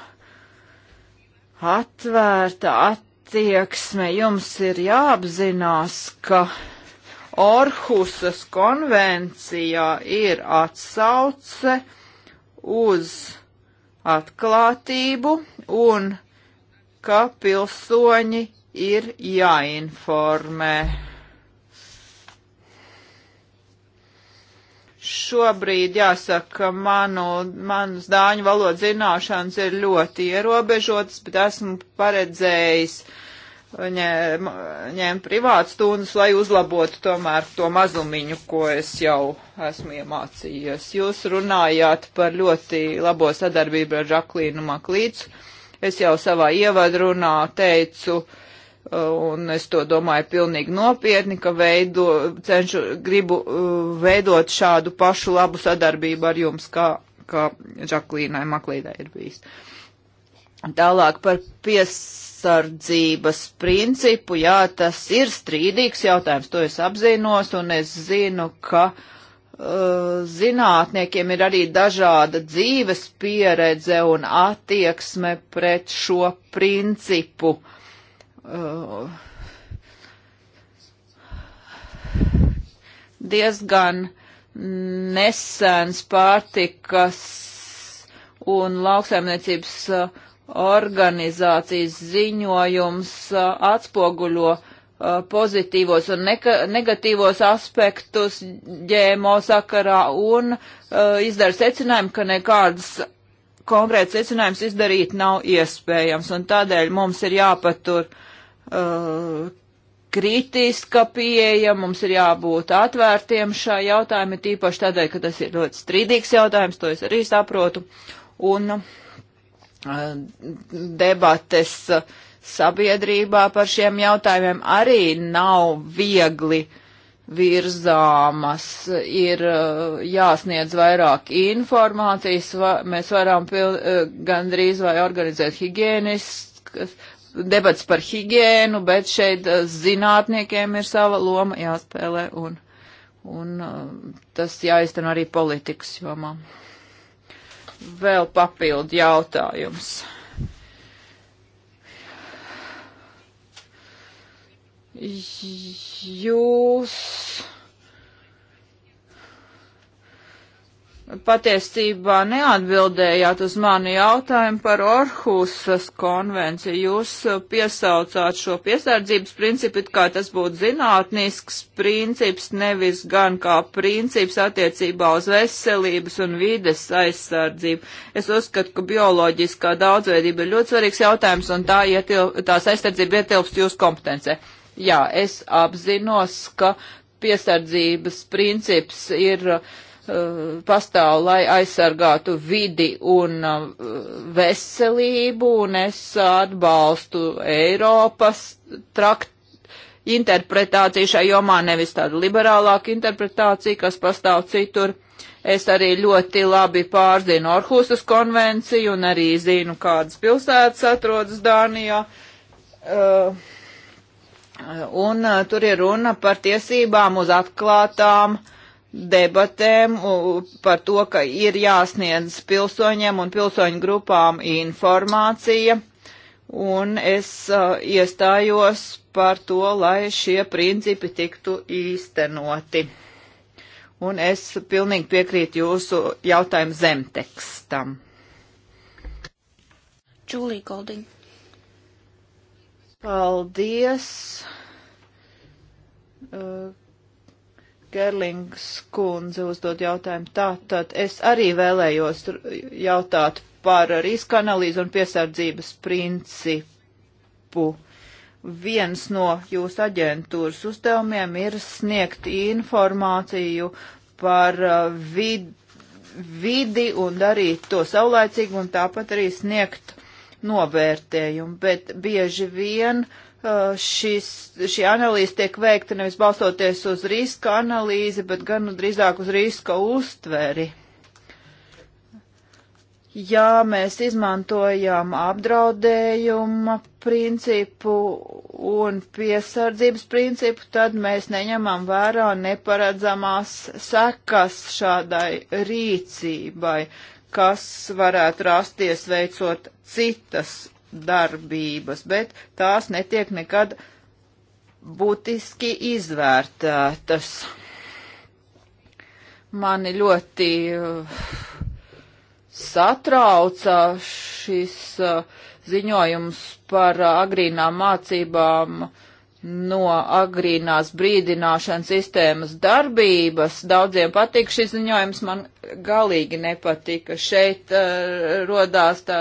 atvērta attieksme. Jums ir jāapzinās, ka Orhusas konvencijā ir atsauce uz atklātību un ka pilsoņi ir jāinformē. Šobrīd jāsaka, manu, manas dāņu valodas zināšanas ir ļoti ierobežotas, bet esmu paredzējis uh, ņēmu ņēm privātu stundas, lai uzlabotu tomēr to mazumiņu, ko es jau esmu iemācījies. Jūs runājāt par ļoti labo sadarbību ar Žaklīnu Maklīcu. Es jau savā ievadrunā teicu, un es to domāju pilnīgi nopietni, ka veido, cenšu, gribu uh, veidot šādu pašu labu sadarbību ar jums, kā, kā Žaklīnai Maklīdai ir bijis. Tālāk par pies piesardzības principu, jā, tas ir strīdīgs jautājums, to es apzinos, un es zinu, ka uh, zinātniekiem ir arī dažāda dzīves pieredze un attieksme pret šo principu. Uh, diezgan nesens pārtikas un lauksaimniecības uh, organizācijas ziņojums uh, atspoguļo uh, pozitīvos un negatīvos aspektus ģēmo sakarā un uh, izdara secinājumu, ka nekādas konkrēts secinājums izdarīt nav iespējams, un tādēļ mums ir jāpatur uh, kritiska pieeja, mums ir jābūt atvērtiem šā jautājuma, tīpaši tādēļ, ka tas ir ļoti strīdīgs jautājums, to es arī saprotu, un uh, Eh, debates eh, sabiedrībā par šiem jautājumiem arī nav viegli virzāmas, ir eh, jāsniedz vairāk informācijas, va, mēs varam pil, gandrīz vai organizēt higieniskas debats par higienu, bet šeit zinātniekiem ir sava loma jāspēlē un, un tas jāizteno arī politikas jomā vēl papildu jautājums. Jūs patiesībā neatbildējāt uz mani jautājumu par Orhusas konvenciju. Jūs uh, piesaucāt šo piesardzības principu, it kā tas būtu zinātnisks princips, nevis gan kā princips attiecībā uz veselības un vides aizsardzību. Es uzskatu, ka bioloģiskā daudzveidība ir ļoti svarīgs jautājums, un tā ietil, tās aizsardzība ietilpst jūsu kompetencē. Jā, es apzinos, ka piesardzības princips ir uh, Eh, pastāv, lai aizsargātu vidi un eh, veselību, un es atbalstu Eiropas trakt interpretāciju šai jomā, nevis tādu liberālāku interpretāciju, kas pastāv citur. Es arī ļoti labi pārzinu Orhusas konvenciju un arī zinu, kādas pilsētas atrodas Dānijā. Uh, un uh, tur ir runa par tiesībām uz atklātām uh, debatēm par to, ka ir jāsniedz pilsoņiem un pilsoņu grupām informācija, un es uh, iestājos par to, lai šie principi tiktu īstenoti. Un es pilnīgi piekrītu jūsu jautājumu zemtekstam. Čūlī Goldiņ. Paldies. Uh, Gerlings kundze uzdod jautājumu. Tātad es arī vēlējos jautāt par riska analīzi un piesardzības principu. Viens no jūsu aģentūras uzdevumiem ir sniegt informāciju par uh, vid, vidi un darīt to saulēcīgi un tāpat arī sniegt novērtējumu, bet bieži vien uh, Uh, šis, šī analīze tiek veikta nevis balstoties uz riska analīzi, bet gan drīzāk uz riska uztveri. Ja mēs izmantojam apdraudējuma principu un piesardzības principu, tad mēs neņemam vērā neparedzamās sekas šādai rīcībai, kas varētu rasties veicot citas darbības, bet tās netiek nekad būtiski izvērtētas. Mani ļoti uh, satrauca šis uh, ziņojums par uh, agrīnām mācībām uh, no agrīnās brīdināšanas sistēmas darbības. Daudziem patīk šis ziņojums, man galīgi nepatika. Šeit uh, rodās tā,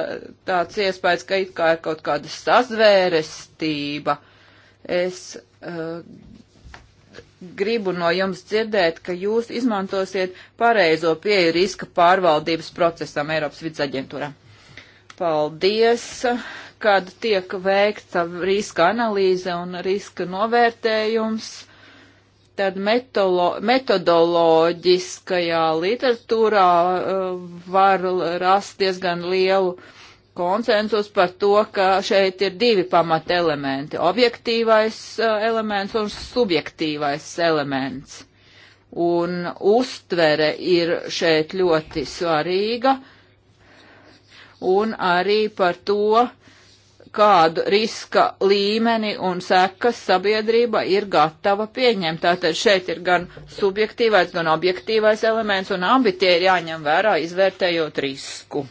tāds iespējas, ka it kā ir kaut kāda sazvērestība. Es uh, gribu no jums dzirdēt, ka jūs izmantosiet pareizo pieeju riska pārvaldības procesam Eiropas vidzaģentūrā paldies, kad tiek veikta riska analīze un riska novērtējums. Tad metolo, metodoloģiskajā literatūrā uh, var rast diezgan lielu konsensus par to, ka šeit ir divi pamata elementi - objektīvais uh, elements un subjektīvais elements. Un uztvere ir šeit ļoti svarīga. Uh, un arī par to, kādu riska līmeni un sekas sabiedrība ir gatava pieņemt. Tātad šeit ir gan subjektīvais, gan objektīvais elements, un abi tie ir jāņem vērā, izvērtējot risku.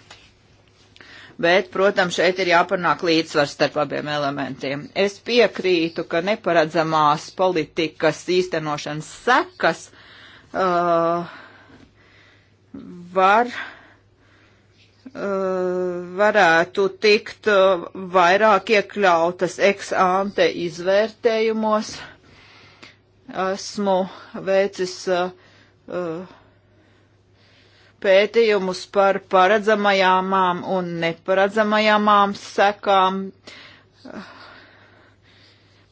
Bet, protams, šeit ir jāpanāk līdzsvars starp abiem elementiem. Es piekrītu, ka neparedzamās politikas īstenošanas sekas uh, var Uh, varētu tikt uh, vairāk iekļautas ex-ante izvērtējumos. Esmu veicis uh, pētījumus par paredzamajām un neparedzamajām sekām. Uh,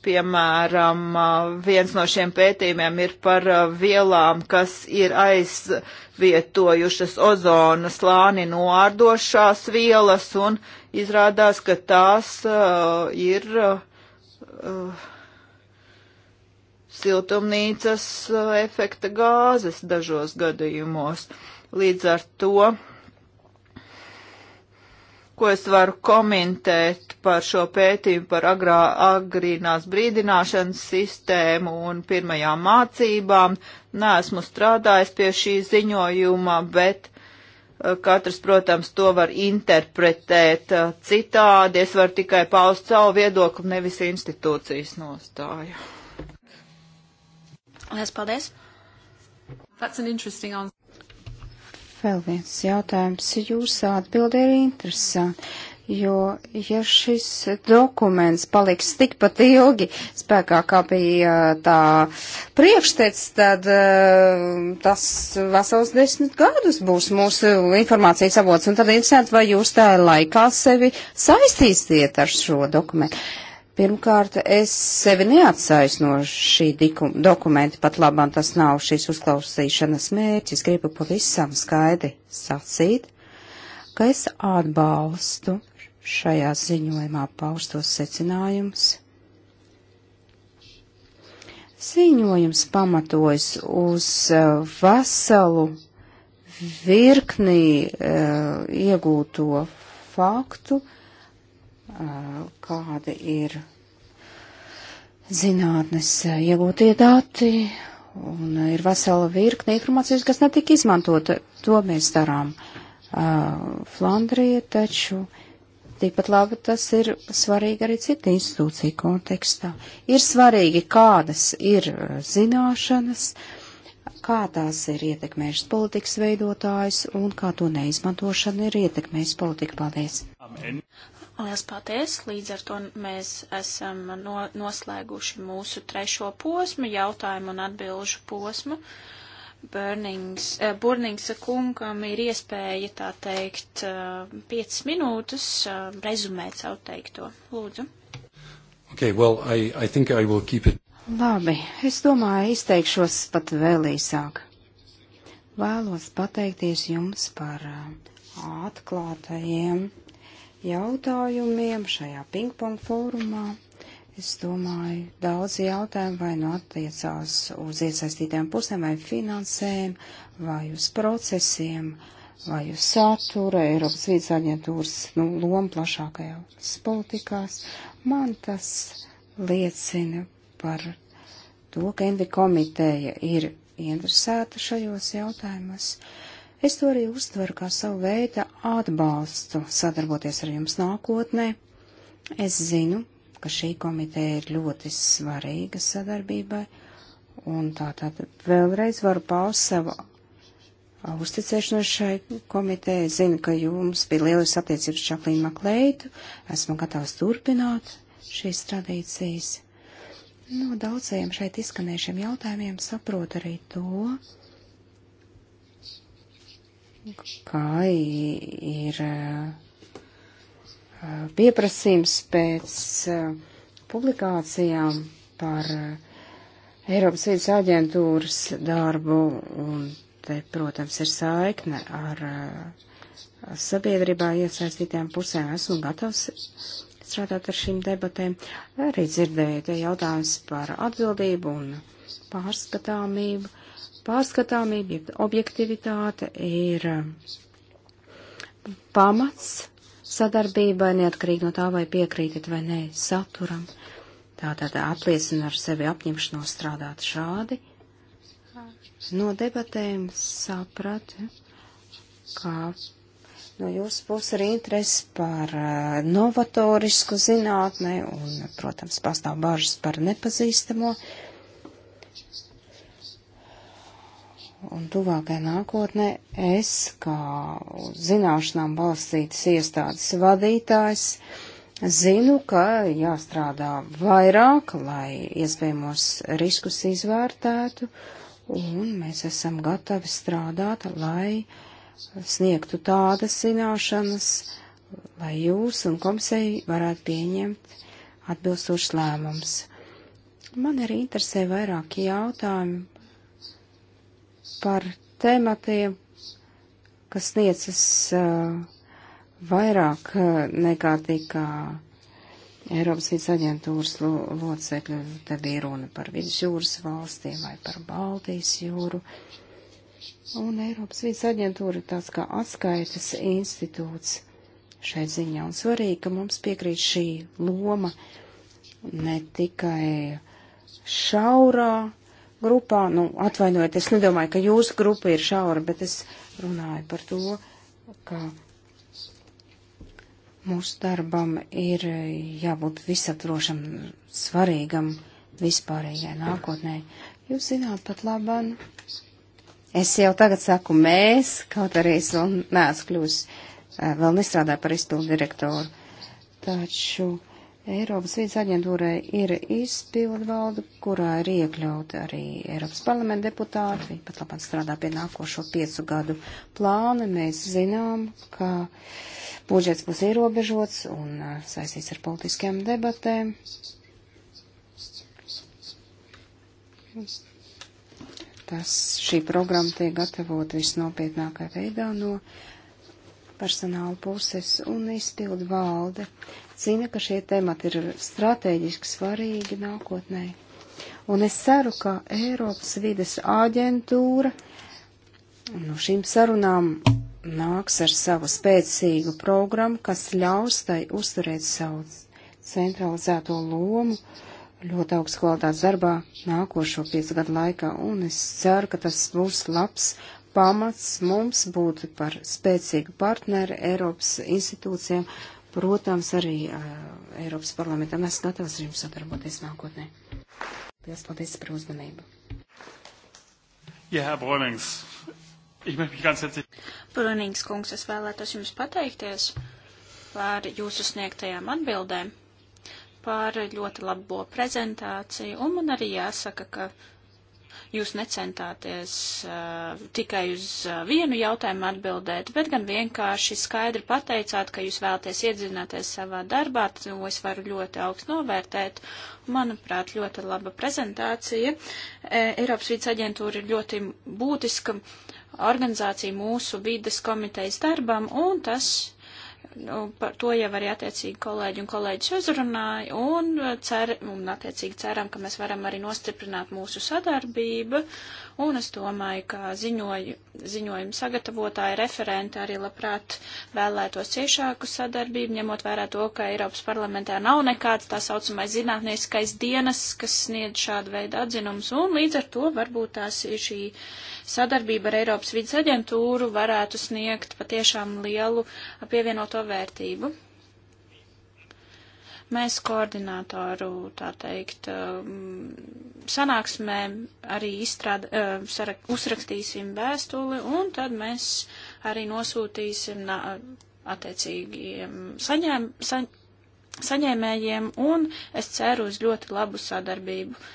Piemēram, viens no šiem pētījumiem ir par vielām, kas ir aizvietojušas ozona slāni noārdošās vielas, un izrādās, ka tās uh, ir uh, siltumnīcas efekta gāzes dažos gadījumos. Līdz ar to ko es varu komentēt par šo pētījumu par agrā, agrīnās brīdināšanas sistēmu un pirmajām mācībām. Nesmu strādājis pie šī ziņojuma, bet eh, katrs, protams, to var interpretēt eh, citādi. Es varu tikai paust savu viedokli, nevis institūcijas nostāju. Lielas paldies! That's an interesting answer. Vēl viens jautājums. Jūsu atbildi ir interesanti, jo ja šis dokuments paliks tikpat ilgi spēkā, kā bija uh, tā priekštec, tad uh, tas vesels desmit gadus būs mūsu informācijas avots. Un tad interesanti, vai jūs tā laikā sevi saistīsiet ar šo dokumentu. Pirmkārt, es sevi neatsaisnošu šī dokumenta, pat labam tas nav šīs uzklausīšanas mērķis. Gribu pavisam skaidri sacīt, ka es atbalstu šajā ziņojumā paustos secinājumus. Ziņojums pamatojas uz uh, veselu virknī uh, iegūto faktu, uh, kādi ir zinātnes eh, iegūtie dati, un ir vesela virkne informācijas, kas netika izmantota. To mēs darām uh, Flandrija, taču tikpat labi tas ir svarīgi arī citu institūciju kontekstā. Ir svarīgi, kādas ir eh, zināšanas, kā tās ir ietekmējušas politikas veidotājs un kā to neizmantošana ir ietekmējusi politiku. Paldies! Lielas paldies! Līdz ar to mēs esam no, noslēguši mūsu trešo posmu, jautājumu un atbilžu posmu. Burnings, eh, Burnings kungam ir iespēja, tā teikt, 5 eh, minūtes eh, rezumēt savu teikto. Lūdzu. Okay, well, I, I think I will keep it. Labi, es domāju, izteikšos pat vēl īsāk. Vēlos pateikties jums par eh, atklātajiem jautājumiem šajā pingpong fórumā. Es domāju, daudz jautājumu vai nu attiecās uz iesaistītām pusēm, vai finansēm, vai uz procesiem, vai uz satura, Eiropas vīdes aģentūras nu, lomu plašākajās politikās. Man tas liecina par to, ka Endi komiteja ir interesēta šajos jautājumos. Uh, Es to arī uztveru kā savu veidu atbalstu sadarboties ar jums nākotnē. Es zinu, ka šī komiteja ir ļoti svarīga sadarbībai, un tātad vēlreiz varu paust savu uzticēšanos šai komitejai. Zinu, ka jums bija lielas attiecības Čaklīnu Makleitu, esmu gatavs turpināt šīs tradīcijas. No nu, daudzajiem šeit izskanējušiem jautājumiem saprot arī to, kā ir e, pieprasījums pēc e, publikācijām par e, Eiropas vidas aģentūras darbu, un te, protams, ir saikne ar sabiedrībā iesaistītām pusēm. Esmu gatavs strādāt ar šīm debatēm. Arī dzirdēju te jautājums par atbildību un pārskatāmību Pārskatāmība, objektivitāte ir um, pamats sadarbībai, neatkarīgi no tā, vai piekrītat vai nē saturam. Tātad apliecina ar sevi apņemšanos strādāt šādi. No debatēm sapratu, ka no jūsu puses ir interesi par uh, novatorisku zinātnē un, protams, pastāv bažas par nepazīstamo. Uh, un tuvākai nākotnē es, kā zināšanām balstītas iestādes vadītājs, zinu, ka jāstrādā vairāk, lai iespējamos riskus izvērtētu, un mēs esam gatavi strādāt, lai sniegtu tādas zināšanas, lai jūs un komisija varētu pieņemt atbilstošs lēmums. Man arī interesē vairāki jautājumi par tematiem, kas niecas uh, vairāk uh, nekā tikai Eiropas vidas aģentūras locekļu, te bija runa par vidusjūras valstīm vai par Baltijas jūru. Un Eiropas vidas aģentūra ir tāds kā atskaitas institūts šai ziņā. Un svarīgi, ka mums piekrīt šī loma ne tikai šaurā grupā. Nu, atvainojiet, es nedomāju, ka jūsu grupa ir šaura, bet es runāju par to, ka mūsu darbam ir jābūt visaptrošam, svarīgam, vispārīgai nākotnē. Jūs zināt, pat labāk. Es jau tagad saku mēs, kaut arī es vēl neesmu kļūst, eh, vēl nestrādāju par izpildu direktoru. Taču Eiropas vidas aģentūrai ir izpildvalda, kurā ir iekļauti arī Eiropas parlamenta deputāti. Viņi pat labāk strādā pie nākošo piecu gadu plāna. Mēs zinām, ka budžets būs ierobežots un saistīts ar politiskajām debatēm. Tas šī programma tiek gatavot visnopietnākajā veidā no. Uh, personāla puses un izpildu valde cina, ka šie temati ir strateģiski svarīgi nākotnē. Un es ceru, ka Eiropas vides aģentūra no šīm sarunām nāks ar savu spēcīgu programmu, kas ļaus tai uzturēt savu centralizēto lomu ļoti augsts kvalitātes darbā nākošo piecu gadu laikā, un es ceru, ka tas būs labs pamats mums būtu par spēcīgu partneri Eiropas institūcijām, protams, arī uh, Eiropas parlamentam. Es gatavs ar jums sadarboties nākotnē. Lielas paldies par uzmanību. Jā, yeah, Brunings. Brunings kungs, es vēlētos jums pateikties par jūsu sniegtajām atbildēm, par ļoti labo prezentāciju, un man arī jāsaka, ka Jūs necentāties uh, tikai uz uh, vienu jautājumu atbildēt, bet gan vienkārši skaidri pateicāt, ka jūs vēlaties iedzināties savā darbā, to nu, es varu ļoti augstu novērtēt. Manuprāt, ļoti laba prezentācija. E, Eiropas vidas aģentūra ir ļoti būtiska organizācija mūsu vidas komitejas darbam, un tas Nu, par to jau arī attiecīgi kolēģi un kolēģis uzrunāja, un, cer, un attiecīgi ceram, ka mēs varam arī nostiprināt mūsu sadarbību, un es domāju, ka ziņoju, ziņojumu sagatavotāji referenti arī labprāt vēlētos ciešāku sadarbību, ņemot vērā to, ka Eiropas parlamentā nav nekāds tā saucamais zinātnieskais dienas, kas sniedz šādu veidu atzinums, un līdz ar to varbūt tās ir šī sadarbība ar Eiropas vidas aģentūru varētu sniegt patiešām lielu pievienoto vērtību. Mēs koordinātoru, tā teikt, um, sanāksmē arī izstrāda, uh, sarak, uzrakstīsim vēstuli un tad mēs arī nosūtīsim attiecīgiem saņēm, saņ, saņēmējiem un es ceru uz ļoti labu sadarbību. Uh,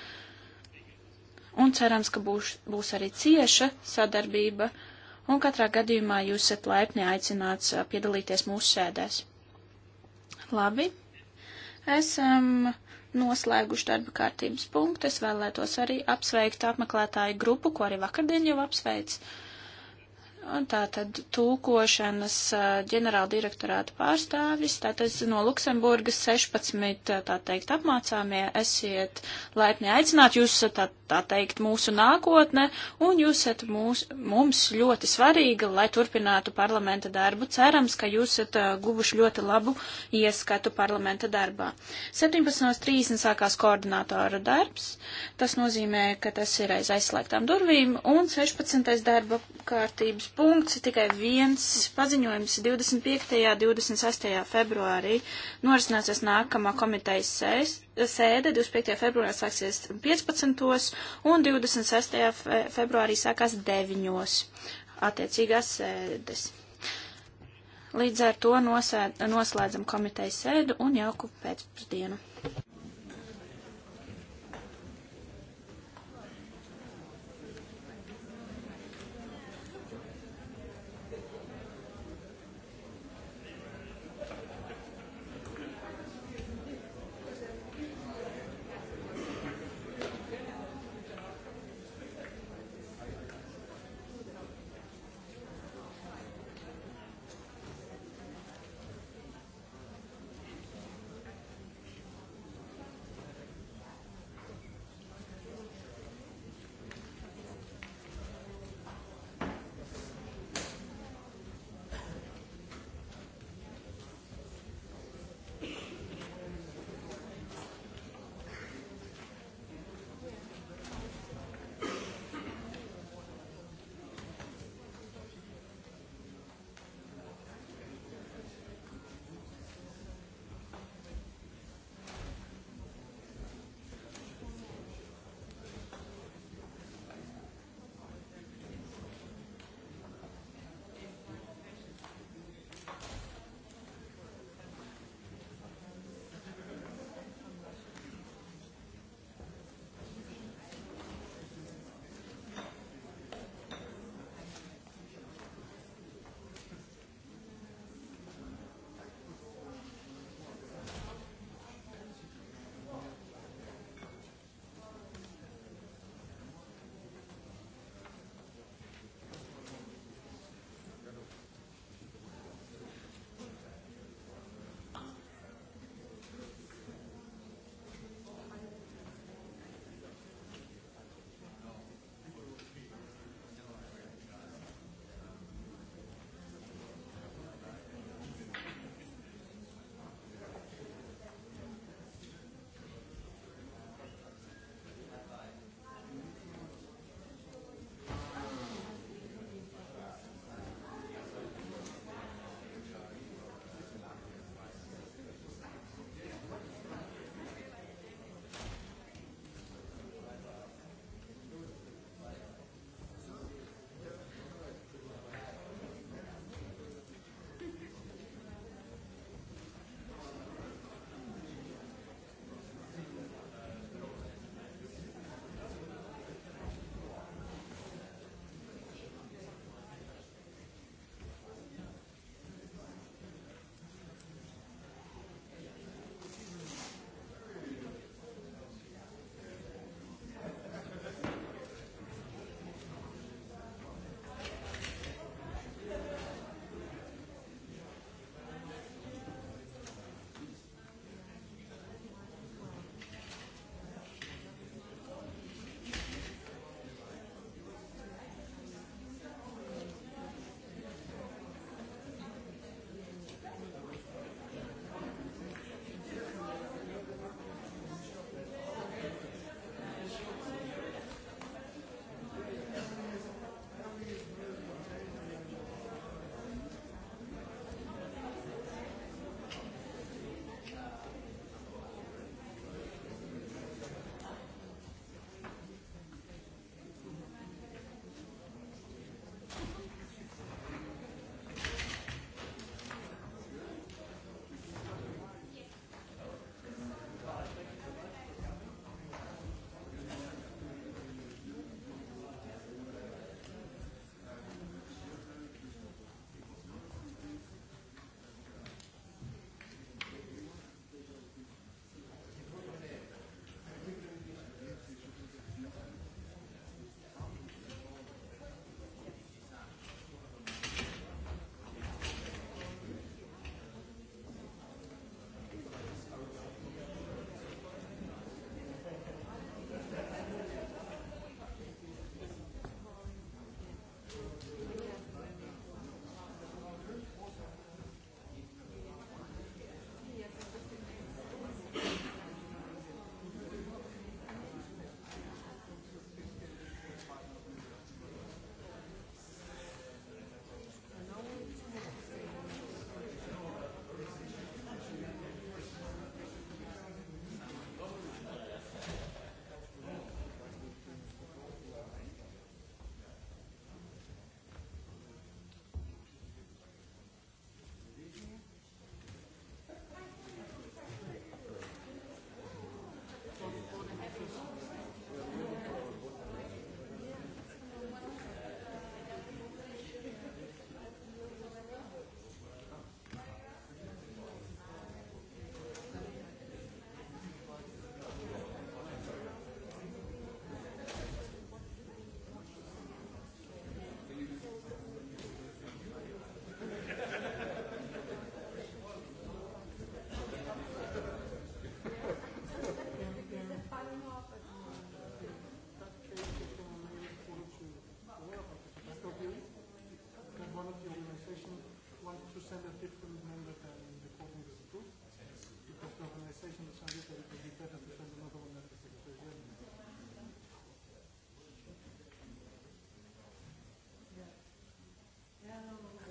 un cerams, ka būs, būs arī cieša sadarbība, un katrā gadījumā jūs esat laipni aicināts piedalīties mūsu sēdēs. Labi, esam noslēguši darba kārtības punktu. Es vēlētos arī apsveikt apmeklētāju grupu, ko arī vakardien jau apsveicu tātad tūkošanas ģenerāla direktorāta pārstāvis, tātad no Luksemburgas 16, tā teikt, apmācāmie, esiet laipni aicināti, jūs esat, tā, tā teikt, mūsu nākotne, un jūs esat mūs, mums ļoti svarīga, lai turpinātu parlamenta darbu. Cerams, ka jūs esat guvuši ļoti labu ieskatu parlamenta darbā. 17.30 sākās koordinātora darbs, tas nozīmē, ka tas ir aiz aizslēgtām durvīm, un 16. darba kārtības punkts, tikai viens paziņojums 25. un 26. februārī norisināsies nākamā komitejas sēs, sēde. 25. februārī sāksies 15. un 26. Fe, februārī sākās 9. attiecīgās sēdes. Līdz ar to nosēd, noslēdzam komitejas sēdu un jauku pēcpusdienu.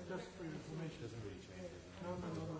just for information. Doesn't really change. No, no, no. no.